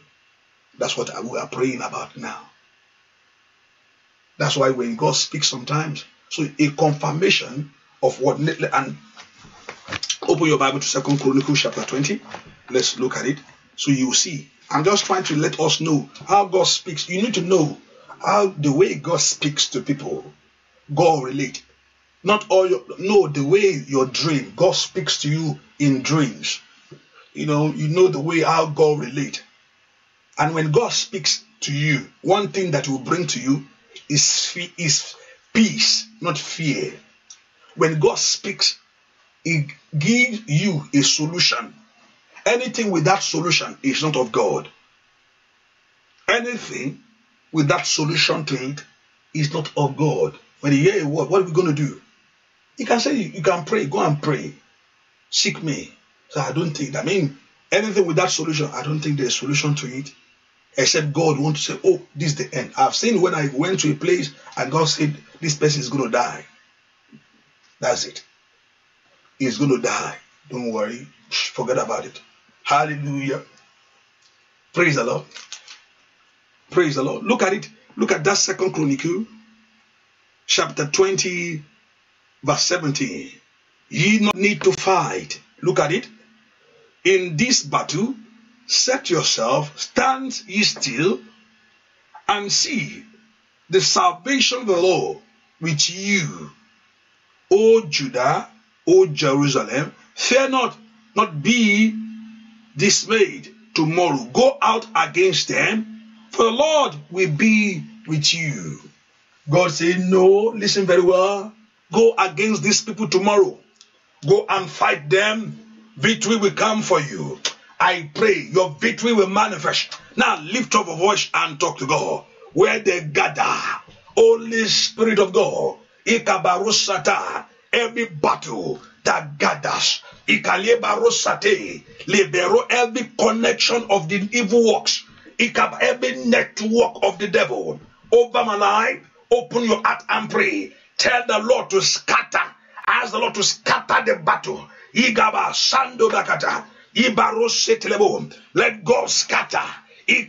That's what we are praying about now. That's why when God speaks sometimes, so a confirmation of what and open your Bible to Second Chronicle chapter 20. Let's look at it so you see. I'm just trying to let us know how God speaks. You need to know how the way God speaks to people, God relate. Not all your no, the way your dream, God speaks to you in dreams. You know, you know the way how God relate. And when God speaks to you, one thing that will bring to you is, is peace, not fear. When God speaks, He gives you a solution Anything with that solution is not of God. Anything with that solution to it is not of God. When you hear a word, what are we going to do? You can say, you can pray, go and pray. Seek me. So I don't think, I mean, anything with that solution, I don't think there's solution to it except God want to say, oh, this is the end. I've seen when I went to a place and God said, this person is going to die. That's it. He's going to die. Don't worry. Forget about it. Hallelujah. Praise the Lord. Praise the Lord. Look at it. Look at that second chronicle, chapter 20, verse 17. Ye not need to fight. Look at it. In this battle, set yourself, stand ye still, and see the salvation of the Lord with you. O Judah, O Jerusalem, fear not, not be dismayed tomorrow. Go out against them, for the Lord will be with you. God said, No, listen very well. Go against these people tomorrow. Go and fight them. Victory will come for you. I pray your victory will manifest. Now lift up a voice and talk to God. Where they gather, Holy Spirit of God, Ikabarusata, every battle Dagadash. Ikaliebaro sate. Libero every connection of the evil works. Ikab every network of the devil. Over my life, open your heart and pray. Tell the Lord to scatter. Ask the Lord to scatter the battle. Igaba sando dakata. Ibaro setelebo. Let God scatter. In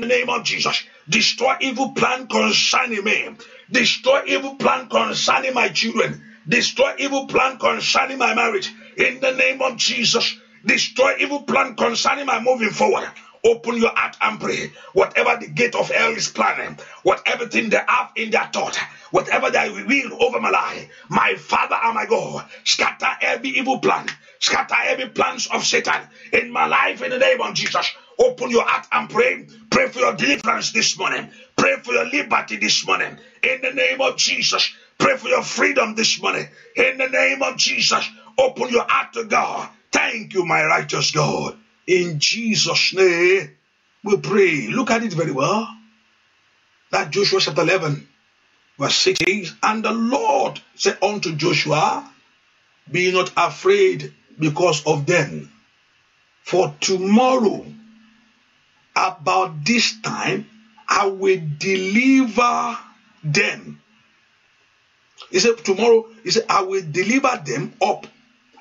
the name of Jesus. Destroy evil plan concerning me. Destroy evil plan concerning my children Destroy evil plan concerning my marriage. In the name of Jesus, destroy evil plan concerning my moving forward. Open your heart and pray. Whatever the gate of hell is planning, whatever thing they have in their thought, whatever they will over my life, my Father and my God, scatter every evil plan, scatter every plans of Satan in my life in the name of Jesus. Open your heart and pray. Pray for your deliverance this morning. Pray for your liberty this morning. In the name of Jesus, Pray for your freedom this morning. In the name of Jesus, open your heart to God. Thank you, my righteous God. In Jesus' name, we pray. Look at it very well. That Joshua chapter 11, verse 16. And the Lord said unto Joshua, Be not afraid because of them. For tomorrow, about this time, I will deliver them he said, Tomorrow, he said, I will deliver them up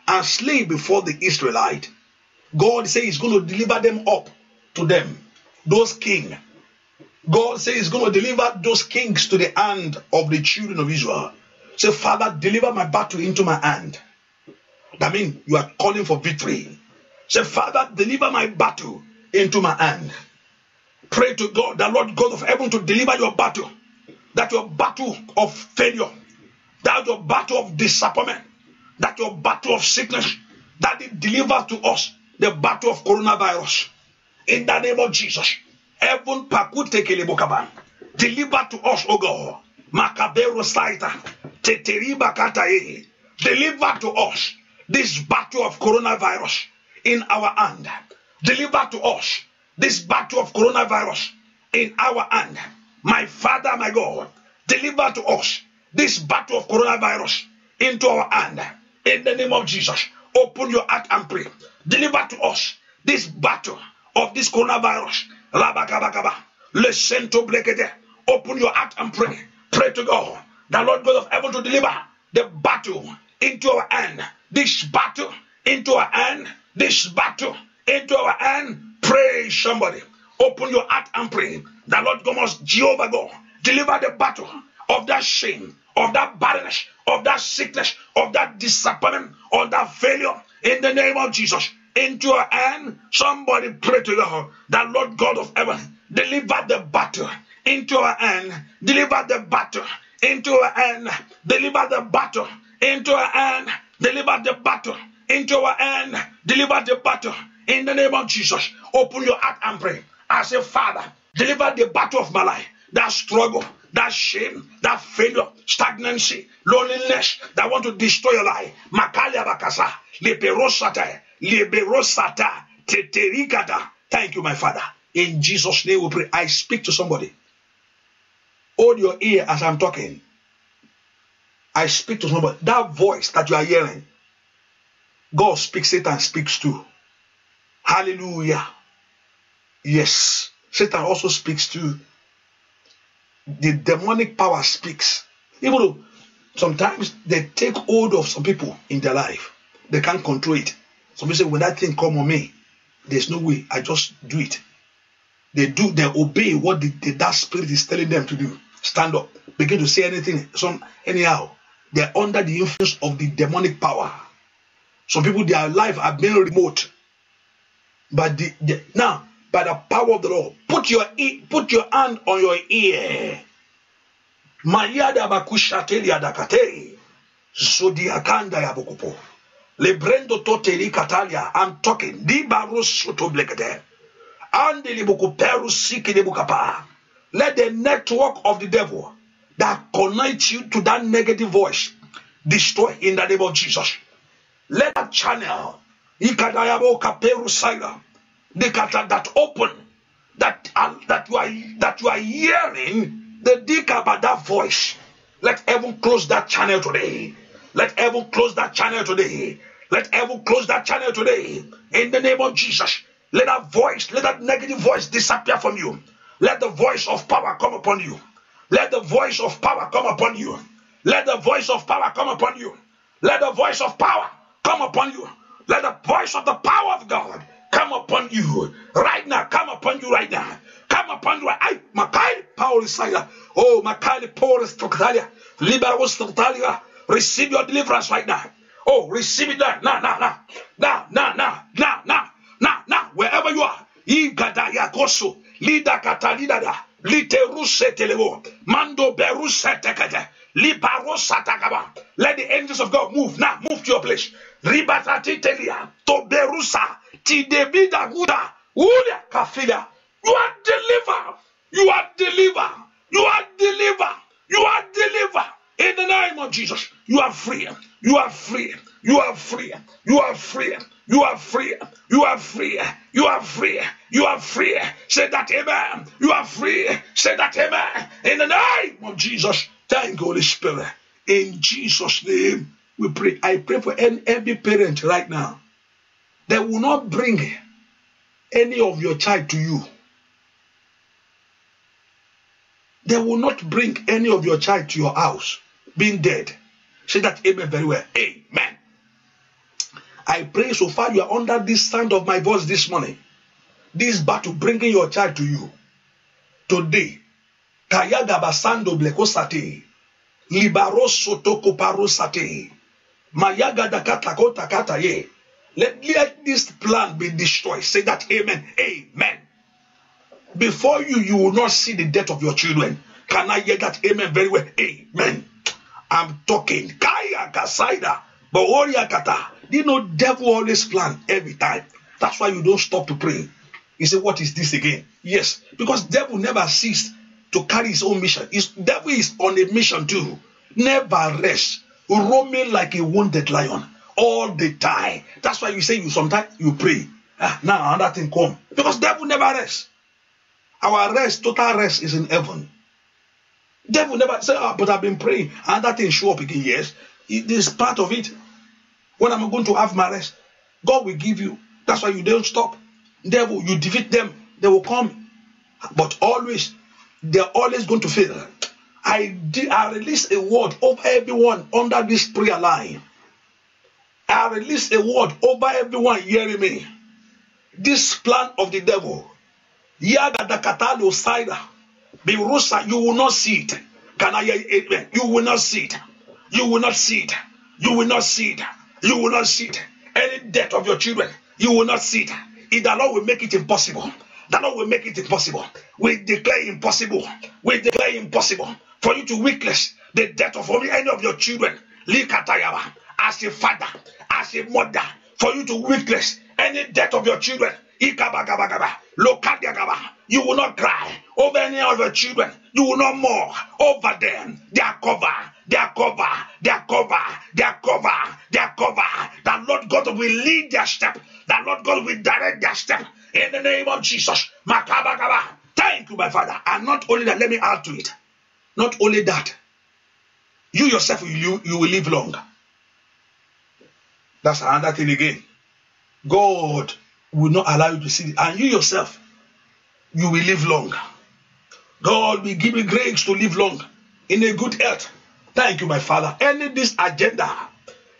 and slay before the Israelite. God says he's going to deliver them up to them, those kings. God says he's going to deliver those kings to the hand of the children of Israel. Say, Father, deliver my battle into my hand. That means you are calling for victory. Say, Father, deliver my battle into my hand. Pray to God, the Lord God of heaven, to deliver your battle. That your battle of failure, that your battle of disappointment, that your battle of sickness, that it deliver to us the battle of coronavirus. In the name of Jesus. Heaven pakutekelebokaban. Deliver to us, O God. Makabero saita. Teteriba katae. Deliver to us this battle of coronavirus in our hand. Deliver to us this battle of coronavirus in our hand. My Father, my God, deliver to us this battle of coronavirus into our hand in the name of Jesus. Open your heart and pray. Deliver to us this battle of this coronavirus. Rabakabakaba. Listen to Blekete. Open your heart and pray. Pray to God, the Lord God of heaven, to deliver the battle into our hand. This battle into our hand. This battle into our hand. Pray, somebody. Open your heart and pray. The Lord God must, Jehovah God, deliver the battle of that shame, of that barrenness, of that sickness, of that disappointment, of that failure in the name of Jesus into your hand. Somebody pray to God, the Lord God of heaven, deliver the battle into your hand, deliver the battle into your hand, deliver the battle into your hand, deliver the battle into your hand, deliver the battle in the name of Jesus. Open your heart and pray. I say, Father, deliver the battle of my life, that struggle that shame, that failure, stagnancy, loneliness that want to destroy your life. Makalia bakasa, liberosata, liberosata, teterikata. Thank you, my Father. In Jesus' name we pray. I speak to somebody. Hold your ear as I'm talking. I speak to somebody. That voice that you are hearing, God speaks, Satan speaks too. Hallelujah. Yes. Satan also speaks to the demonic power speaks. Even though sometimes they take hold of some people in their life, they can't control it. Some people say, when that thing come on me, there's no way. I just do it. They do. They obey what the, the, that spirit is telling them to do. Stand up. Begin to say anything. Some anyhow. They're under the influence of the demonic power. Some people, their life are being remote. But the, the, now by the power of the Lord. Put your, put your hand on your ear. Mayada bakushateli adakateri. Zodiakanda ya Bokupo, Lebrendo toteli katalia. I'm talking. Dibarusu Andi Andeli bukuperu sikili bukapa. Let the network of the devil that connects you to that negative voice destroy in the name of Jesus. Let that channel. Ikadayabo kaperu saila the that, that open, that, uh, that, you are, that you are hearing the dig about that voice. Let heaven close that channel today. Let heaven close that channel today. Let heaven close that channel today. In the name of Jesus. Let that voice, let that negative voice disappear from you. Let the voice of power come upon you. Let the voice of power come upon you. Let the voice of power come upon you. Let the voice of power come upon you. Let the voice of the power of God Come upon you right now. Come upon you right now. Come upon you. I makali Power is Oh, makali Power is Toktalia. Receive your deliverance right now. Oh, receive it now. Now, now, now. Now, now, now, now, now, now, now. Wherever you are. Igada yakosu. Lida katalida da. Literuse televo. Mando beruse tekete. Let the angels of God move now. Move to your place. Ribatati telia. Toberusa. Tidebida guda. Uda kafida. You are deliver. You are deliver. You are deliver. You are deliver. In the name of Jesus, you are free. You are free. You are free. You are free. You are free. You are free. You are free. You are free. Say that amen. You are free. Say that amen. In the name of Jesus. Thank Holy Spirit. In Jesus' name, we pray. I pray for every parent right now they will not bring any of your child to you. They will not bring any of your child to your house, being dead. Say that amen very well. Amen. I pray so far you are under this sound of my voice this morning. This battle bringing your child to you. Today, Kayagabasando blekosate. Libaro sotokoparo sate. Mayagada katakota ye. Let, let this plan be destroyed. Say that amen. Amen. Before you, you will not see the death of your children. Can I hear that amen very well? Amen. I'm talking. Kaya kasaida. But kata. You know, devil always plan every time. That's why you don't stop to pray. You say, what is this again? Yes, because devil never cease to carry his own mission. His, devil is on a mission too. Never rest, roaming like a wounded lion all the time. That's why you say you sometimes you pray. Ah, now another thing come. Because devil never rest. Our rest, total rest is in heaven. Devil never say, oh, but I've been praying. And that thing show up again. Yes, it is part of it. When I'm going to have my rest, God will give you. That's why you don't stop. Devil, you defeat them. They will come. But always, they're always going to fail. I, I release a word of everyone under this prayer line I release a word over everyone hearing me. This plan of the devil, Yagadakatalo Sida, Birusa, you will not see it. Can I hear amen? You will not see it. You will not see it. You will not see it. You will not see it. Any death of your children, you will not see it. If the Lord will make it impossible. The Lord will make it impossible. We declare impossible. We declare impossible for you to witness the death of any of your children. Likatayaba. as a father, as a mother, for you to witness any death of your children. You will not cry over any of your children. You will not mourn over them. They are covered. They are covered. They are covered. They are covered. They are covered. That Lord God will lead their step. That Lord God will direct their step. In the name of Jesus. Thank you, my Father. And not only that, let me add to it. Not only that, you yourself, you, you will live long. That's another thing again. God will not allow you to see And you yourself, you will live long. God will give me grace to live long in a good health. Thank you, my Father. Any this agenda,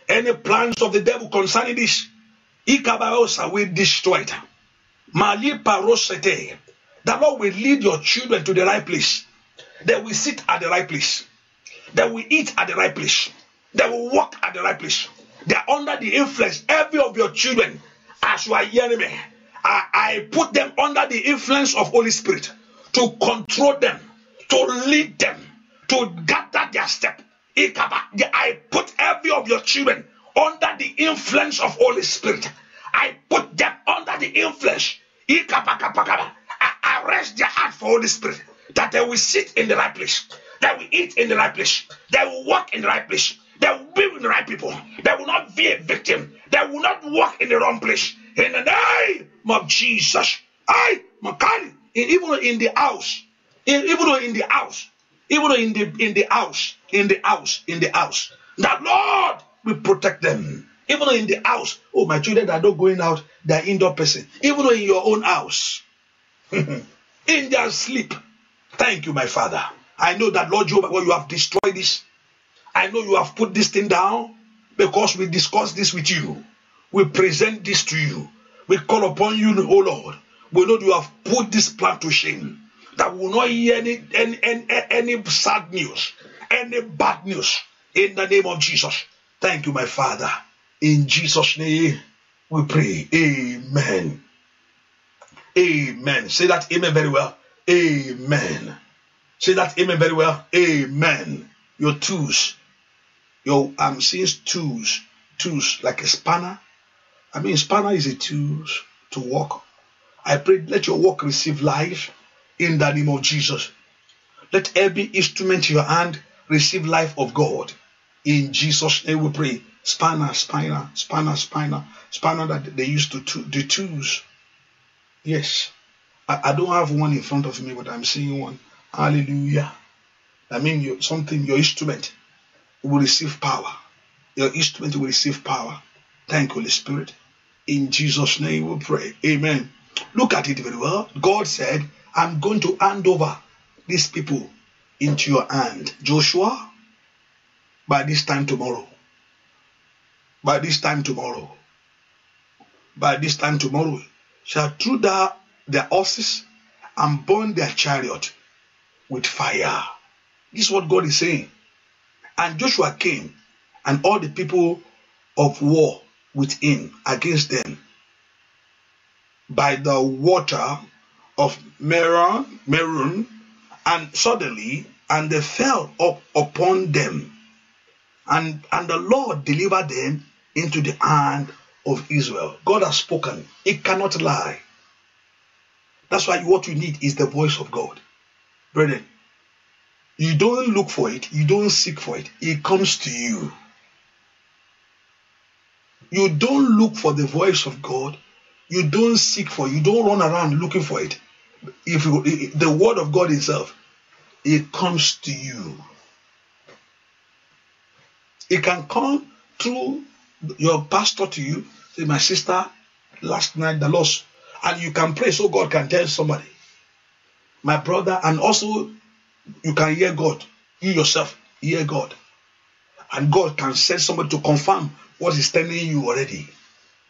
any plans of the devil concerning this, Ikabarosa will destroy it. Maliparosete. The Lord will lead your children to the right place. They will sit at the right place. They will eat at the right place. They will walk at the right place. They are under the influence. Every of your children, as you are hearing me, I, I put them under the influence of Holy Spirit to control them, to lead them, to gather their step. I put every of your children under the influence of Holy Spirit. I put them under the influence. I arrest their heart for Holy Spirit that they will sit in the right place, that will eat in the right place, that will walk in the right place, they will be with the right people. They will not be a victim. They will not walk in the wrong place. In the name of Jesus. I, Makari, even in the house, in, even in the house, even in the in the house, in the house, in the house. That Lord will protect them. Even in the house. Oh, my children are not going out, they're indoor person. Even in your own house. in their sleep. Thank you, my father. I know that Lord Jehovah, when you have destroyed this, I know you have put this thing down because we discussed this with you. We present this to you. We call upon you, O Lord. We know you have put this plan to shame. That we will not hear any, any, any, any sad news, any bad news in the name of Jesus. Thank you, my Father. In Jesus' name we pray. Amen. Amen. Say that amen very well. Amen. Say that amen very well. Amen. Your tools Yo, I'm seeing tools, tools like a spanner. I mean, spanner is a tools to walk. I pray, let your walk receive life in the name of Jesus. Let every instrument in your hand receive life of God. In Jesus' name we pray. Spanner, spanner, spanner, spanner, spanner that they used to, to the tools. Yes. I, I don't have one in front of me, but I'm seeing one. Hallelujah. I mean, your, something, your instrument will receive power. Your instrument will receive power. Thank you, Holy Spirit. In Jesus' name we pray. Amen. Look at it very well. God said, I'm going to hand over these people into your hand. Joshua, by this time tomorrow. By this time tomorrow. By this time tomorrow shall throw their horses and burn their chariot with fire. This is what God is saying. And Joshua came, and all the people of war with him against them by the water of Merah, Merun, and suddenly, and they fell up upon them, and, and the Lord delivered them into the hand of Israel. God has spoken, it cannot lie. That's why what we need is the voice of God. Brethren, you don't look for it, you don't seek for it, it comes to you. You don't look for the voice of God, you don't seek for it, you don't run around looking for it. If you, the word of God itself, it comes to you. It can come through your pastor to you. Say, my sister, last night the loss. And you can pray so God can tell somebody. My brother, and also you can hear God. You yourself hear God. And God can send somebody to confirm what He's telling you already.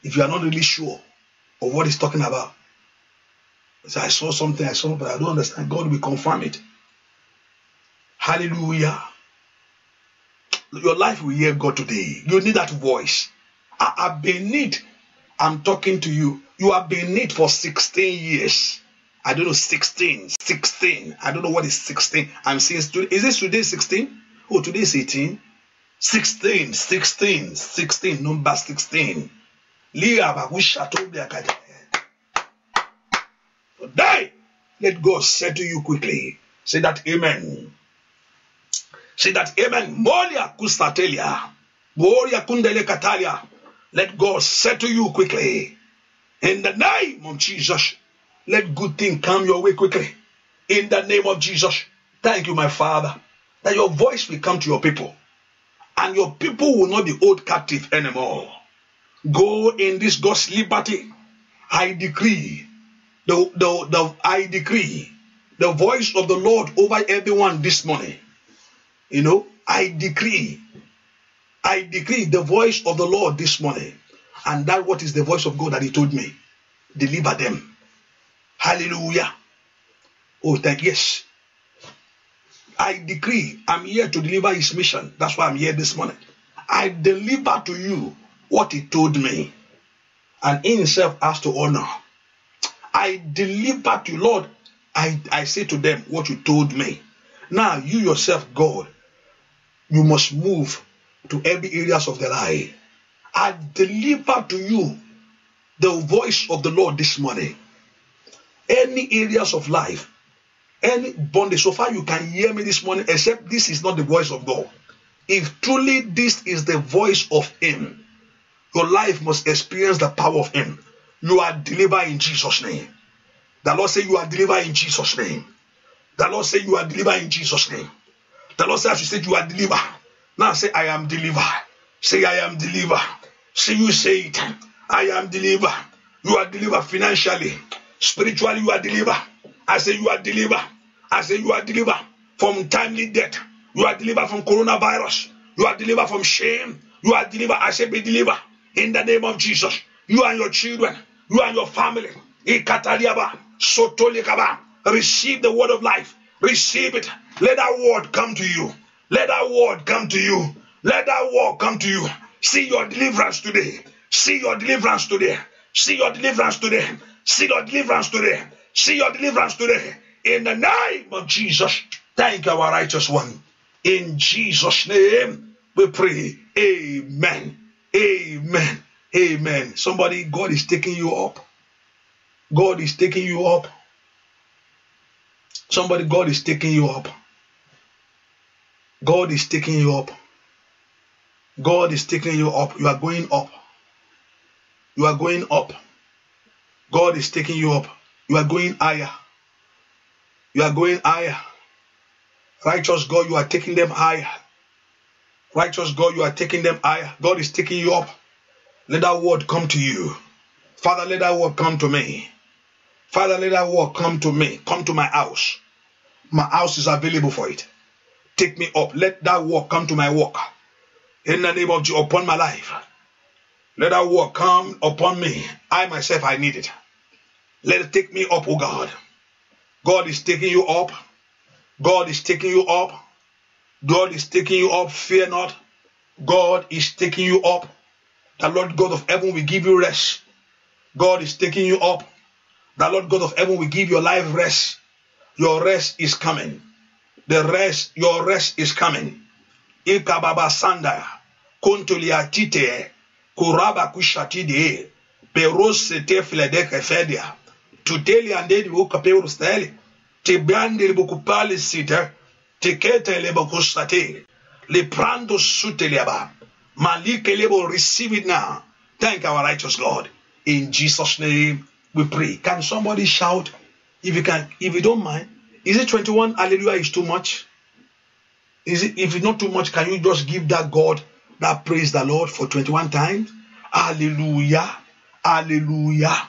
If you are not really sure of what He's talking about. So I saw something, I saw, but I don't understand. God will confirm it. Hallelujah. Your life will hear God today. You need that voice. I have been need. I'm talking to you. You have been need for 16 years. I don't know, 16, 16. I don't know what is 16. I'm seeing, is this today 16? Oh, today is 18. 16, 16, 16, number 16. Today, let God say to you quickly. Say that amen. Say that amen. Molia kustatelia. Moria kundele katalia. Let God say to you quickly. In the name of Jesus. Let good thing come your way quickly. In the name of Jesus. Thank you, my Father, that your voice will come to your people. And your people will not be old captive anymore. Go in this God's liberty. I decree. The, the, the, I decree the voice of the Lord over everyone this morning. You know, I decree. I decree the voice of the Lord this morning. And that what is the voice of God that He told me. Deliver them Hallelujah. Oh, thank yes. I decree I'm here to deliver his mission. That's why I'm here this morning. I deliver to you what he told me, and in himself has to honor. I deliver to you, Lord. I, I say to them what you told me. Now you yourself, God, you must move to every areas of their life. I deliver to you the voice of the Lord this morning any areas of life, any bondage. So far, you can hear me this morning, except this is not the voice of God. If truly this is the voice of Him, your life must experience the power of Him. You are delivered in Jesus' name. The Lord say you are delivered in Jesus' name. The Lord say you are delivered in Jesus' name. The Lord says you said you are delivered. Now say I am delivered. Say I am delivered. See you say it. I am delivered. You are delivered financially. Spiritually, you are delivered. I say you are delivered. I say you are delivered from timely death. You are delivered from coronavirus. You are delivered from shame. You are delivered. I say be delivered in the name of Jesus. You and your children. You and your family. Receive the word of life. Receive it. Let that word come to you. Let that word come to you. Let that word come to you. See your deliverance today. See your deliverance today. See your deliverance today. See your deliverance today. See your deliverance today. In the name of Jesus, thank our righteous one. In Jesus' name, we pray. Amen. Amen. Amen. Somebody, God is taking you up. God is taking you up. Somebody, God is taking you up. God is taking you up. God is taking you up. You are going up. You are going up. God is taking you up. You are going higher. You are going higher. Righteous God, you are taking them higher. Righteous God, you are taking them higher. God is taking you up. Let that word come to you. Father, let that word come to me. Father, let that word come to me. Come to my house. My house is available for it. Take me up. Let that word come to my work. In the name of Jesus, upon my life. Let that word come upon me. I myself, I need it. Let it take me up, oh God. God is taking you up. God is taking you up. God is taking you up. Fear not. God is taking you up. The Lord God of heaven will give you rest. God is taking you up. The Lord God of heaven will give your life rest. Your rest is coming. The rest, your rest is coming. Ikababa sanda, kuntuliatite, kuraba kushatide, perosete filedekefelia tuteli ande libukape urusiteli tibyandi bukupali sita tikete libukusateli liprando suteliaba malike libu receive it now thank our righteous God in Jesus name we pray can somebody shout if you can if you don't mind is it 21 hallelujah is too much is it if it's not too much can you just give that God that praise the Lord for 21 times hallelujah hallelujah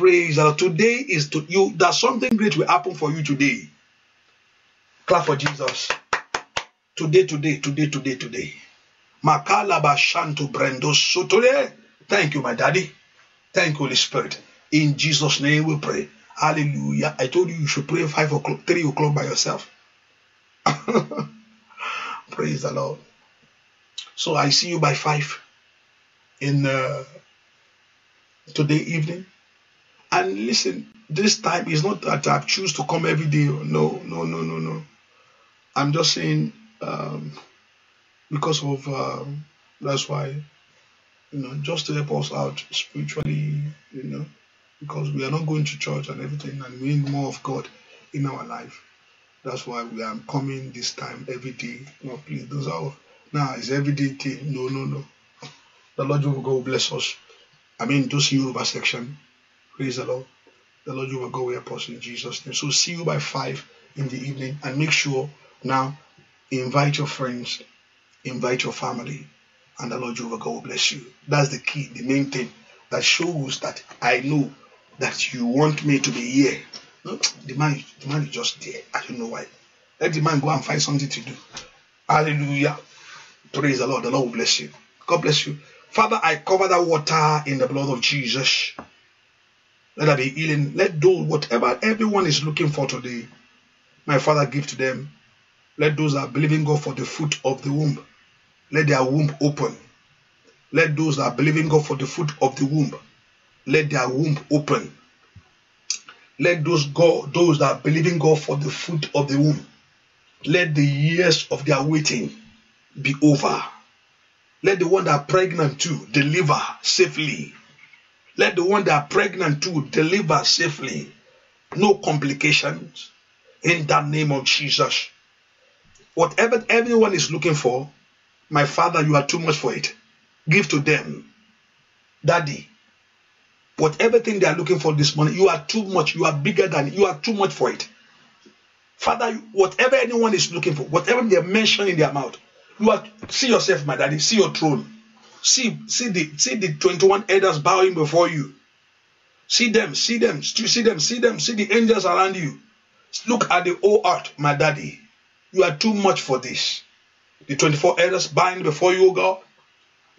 praise that today is to you that something great will happen for you today. Clap for Jesus. Today, today, today, today, today. Makala Bashanto Brendo today, Thank you, my daddy. Thank you, Holy Spirit. In Jesus' name we pray. Hallelujah. I told you you should pray five o'clock, three o'clock by yourself. praise the Lord. So I see you by five in uh, today evening. And listen, this time is not that I choose to come every day. No, no, no, no, no. I'm just saying um, because of um, that's why you know just to help us out spiritually, you know, because we are not going to church and everything, and we need more of God in our life. That's why we are coming this time every day. No, please, those are now it's everyday thing. No, no, no. The Lord will go bless us. I mean, those Yoruba section Praise the Lord. The Lord you will go where possible in Jesus' name. So see you by five in the evening and make sure now invite your friends, invite your family, and the Lord Jehovah God will bless you. That's the key, the main thing that shows that I know that you want me to be here. No, the man, the man is just there. I don't know why. Let the man go and find something to do. Hallelujah. Praise the Lord. The Lord will bless you. God bless you. Father, I cover that water in the blood of Jesus. Let there be healing. Let do whatever everyone is looking for today. My Father, give to them. Let those that believe believing God for the foot of the womb, let their womb open. Let those that believe believing God for the foot of the womb, let their womb open. Let those God, those that believe believing God for the foot of the womb, let the years of their waiting be over. Let the one that pregnant too deliver safely. Let the one that are pregnant to deliver safely. No complications. In the name of Jesus. Whatever everyone is looking for, my father, you are too much for it. Give to them. Daddy, whatever thing they are looking for this morning, you are too much. You are bigger than you are too much for it. Father, whatever anyone is looking for, whatever they mention in their mouth, you are see yourself, my daddy, see your throne. See, see the see the 21 elders bowing before you. See them, see them, see them, see them, see the angels around you. Look at the old art, my daddy. You are too much for this. The 24 elders bowing before you, God.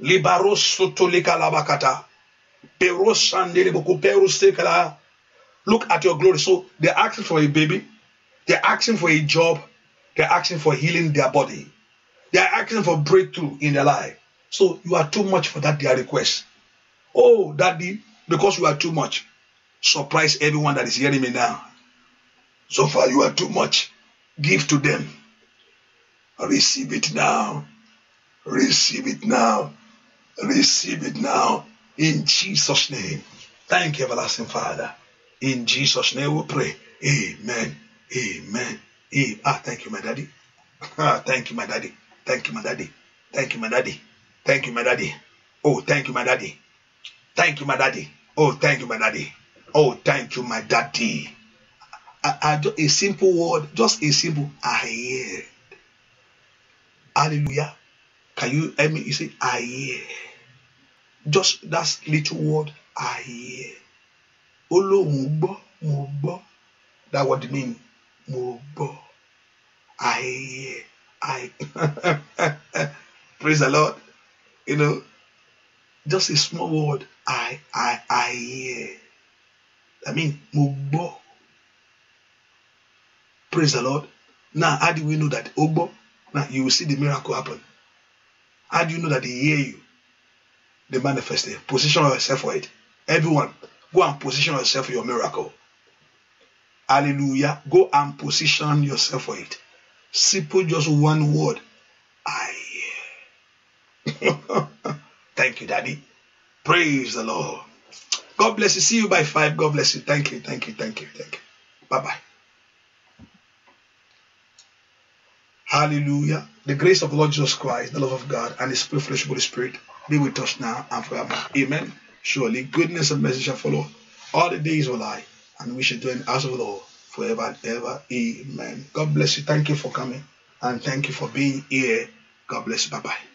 Libaros sotolika labakata. Look at your glory. So they're asking for a baby. They're asking for a job. They're asking for healing their body. They're asking for breakthrough in their life. So you are too much for that their request. Oh, daddy, because you are too much. Surprise everyone that is hearing me now. So far, you are too much. Give to them. Receive it now. Receive it now. Receive it now. In Jesus' name. Thank you, everlasting Father. In Jesus' name we pray. Amen. Amen. Amen. Eh, ah, thank you, my daddy. Ah, thank you, my daddy. Thank you, my daddy. Thank you, my daddy. Thank you, my daddy. Oh, thank you, my daddy. Thank you, my daddy. Oh, thank you, my daddy. Oh, thank you, my daddy. I, I, a simple word, just a simple I hear. Hallelujah. Can you hear me? You say, I hear. Just that little word, I hear. Olóhùn gbọ́, mo gbọ́. That word mean, mo gbọ́. I hear. I. Praise the Lord. You know, just a small word, I, I, I hear. I mean, mo Praise the Lord. Now, how do we know that ó Now, you will see the miracle happen. How do you know that they hear you? They manifest it. Position yourself for it. Everyone, go and position yourself for your miracle. Hallelujah. Go and position yourself for it. Simple, just one word. I thank you, Daddy. Praise the Lord. God bless you. See you by five. God bless you. Thank you. Thank you. Thank you. Thank you. Bye bye. Hallelujah. The grace of the Lord Jesus Christ, the love of God, and His privilege Holy Spirit be with us now and forever. Amen. Surely goodness and mercy shall follow all the days of life, and we shall do in the of the Lord forever and ever. Amen. God bless you. Thank you for coming, and thank you for being here. God bless you. Bye bye.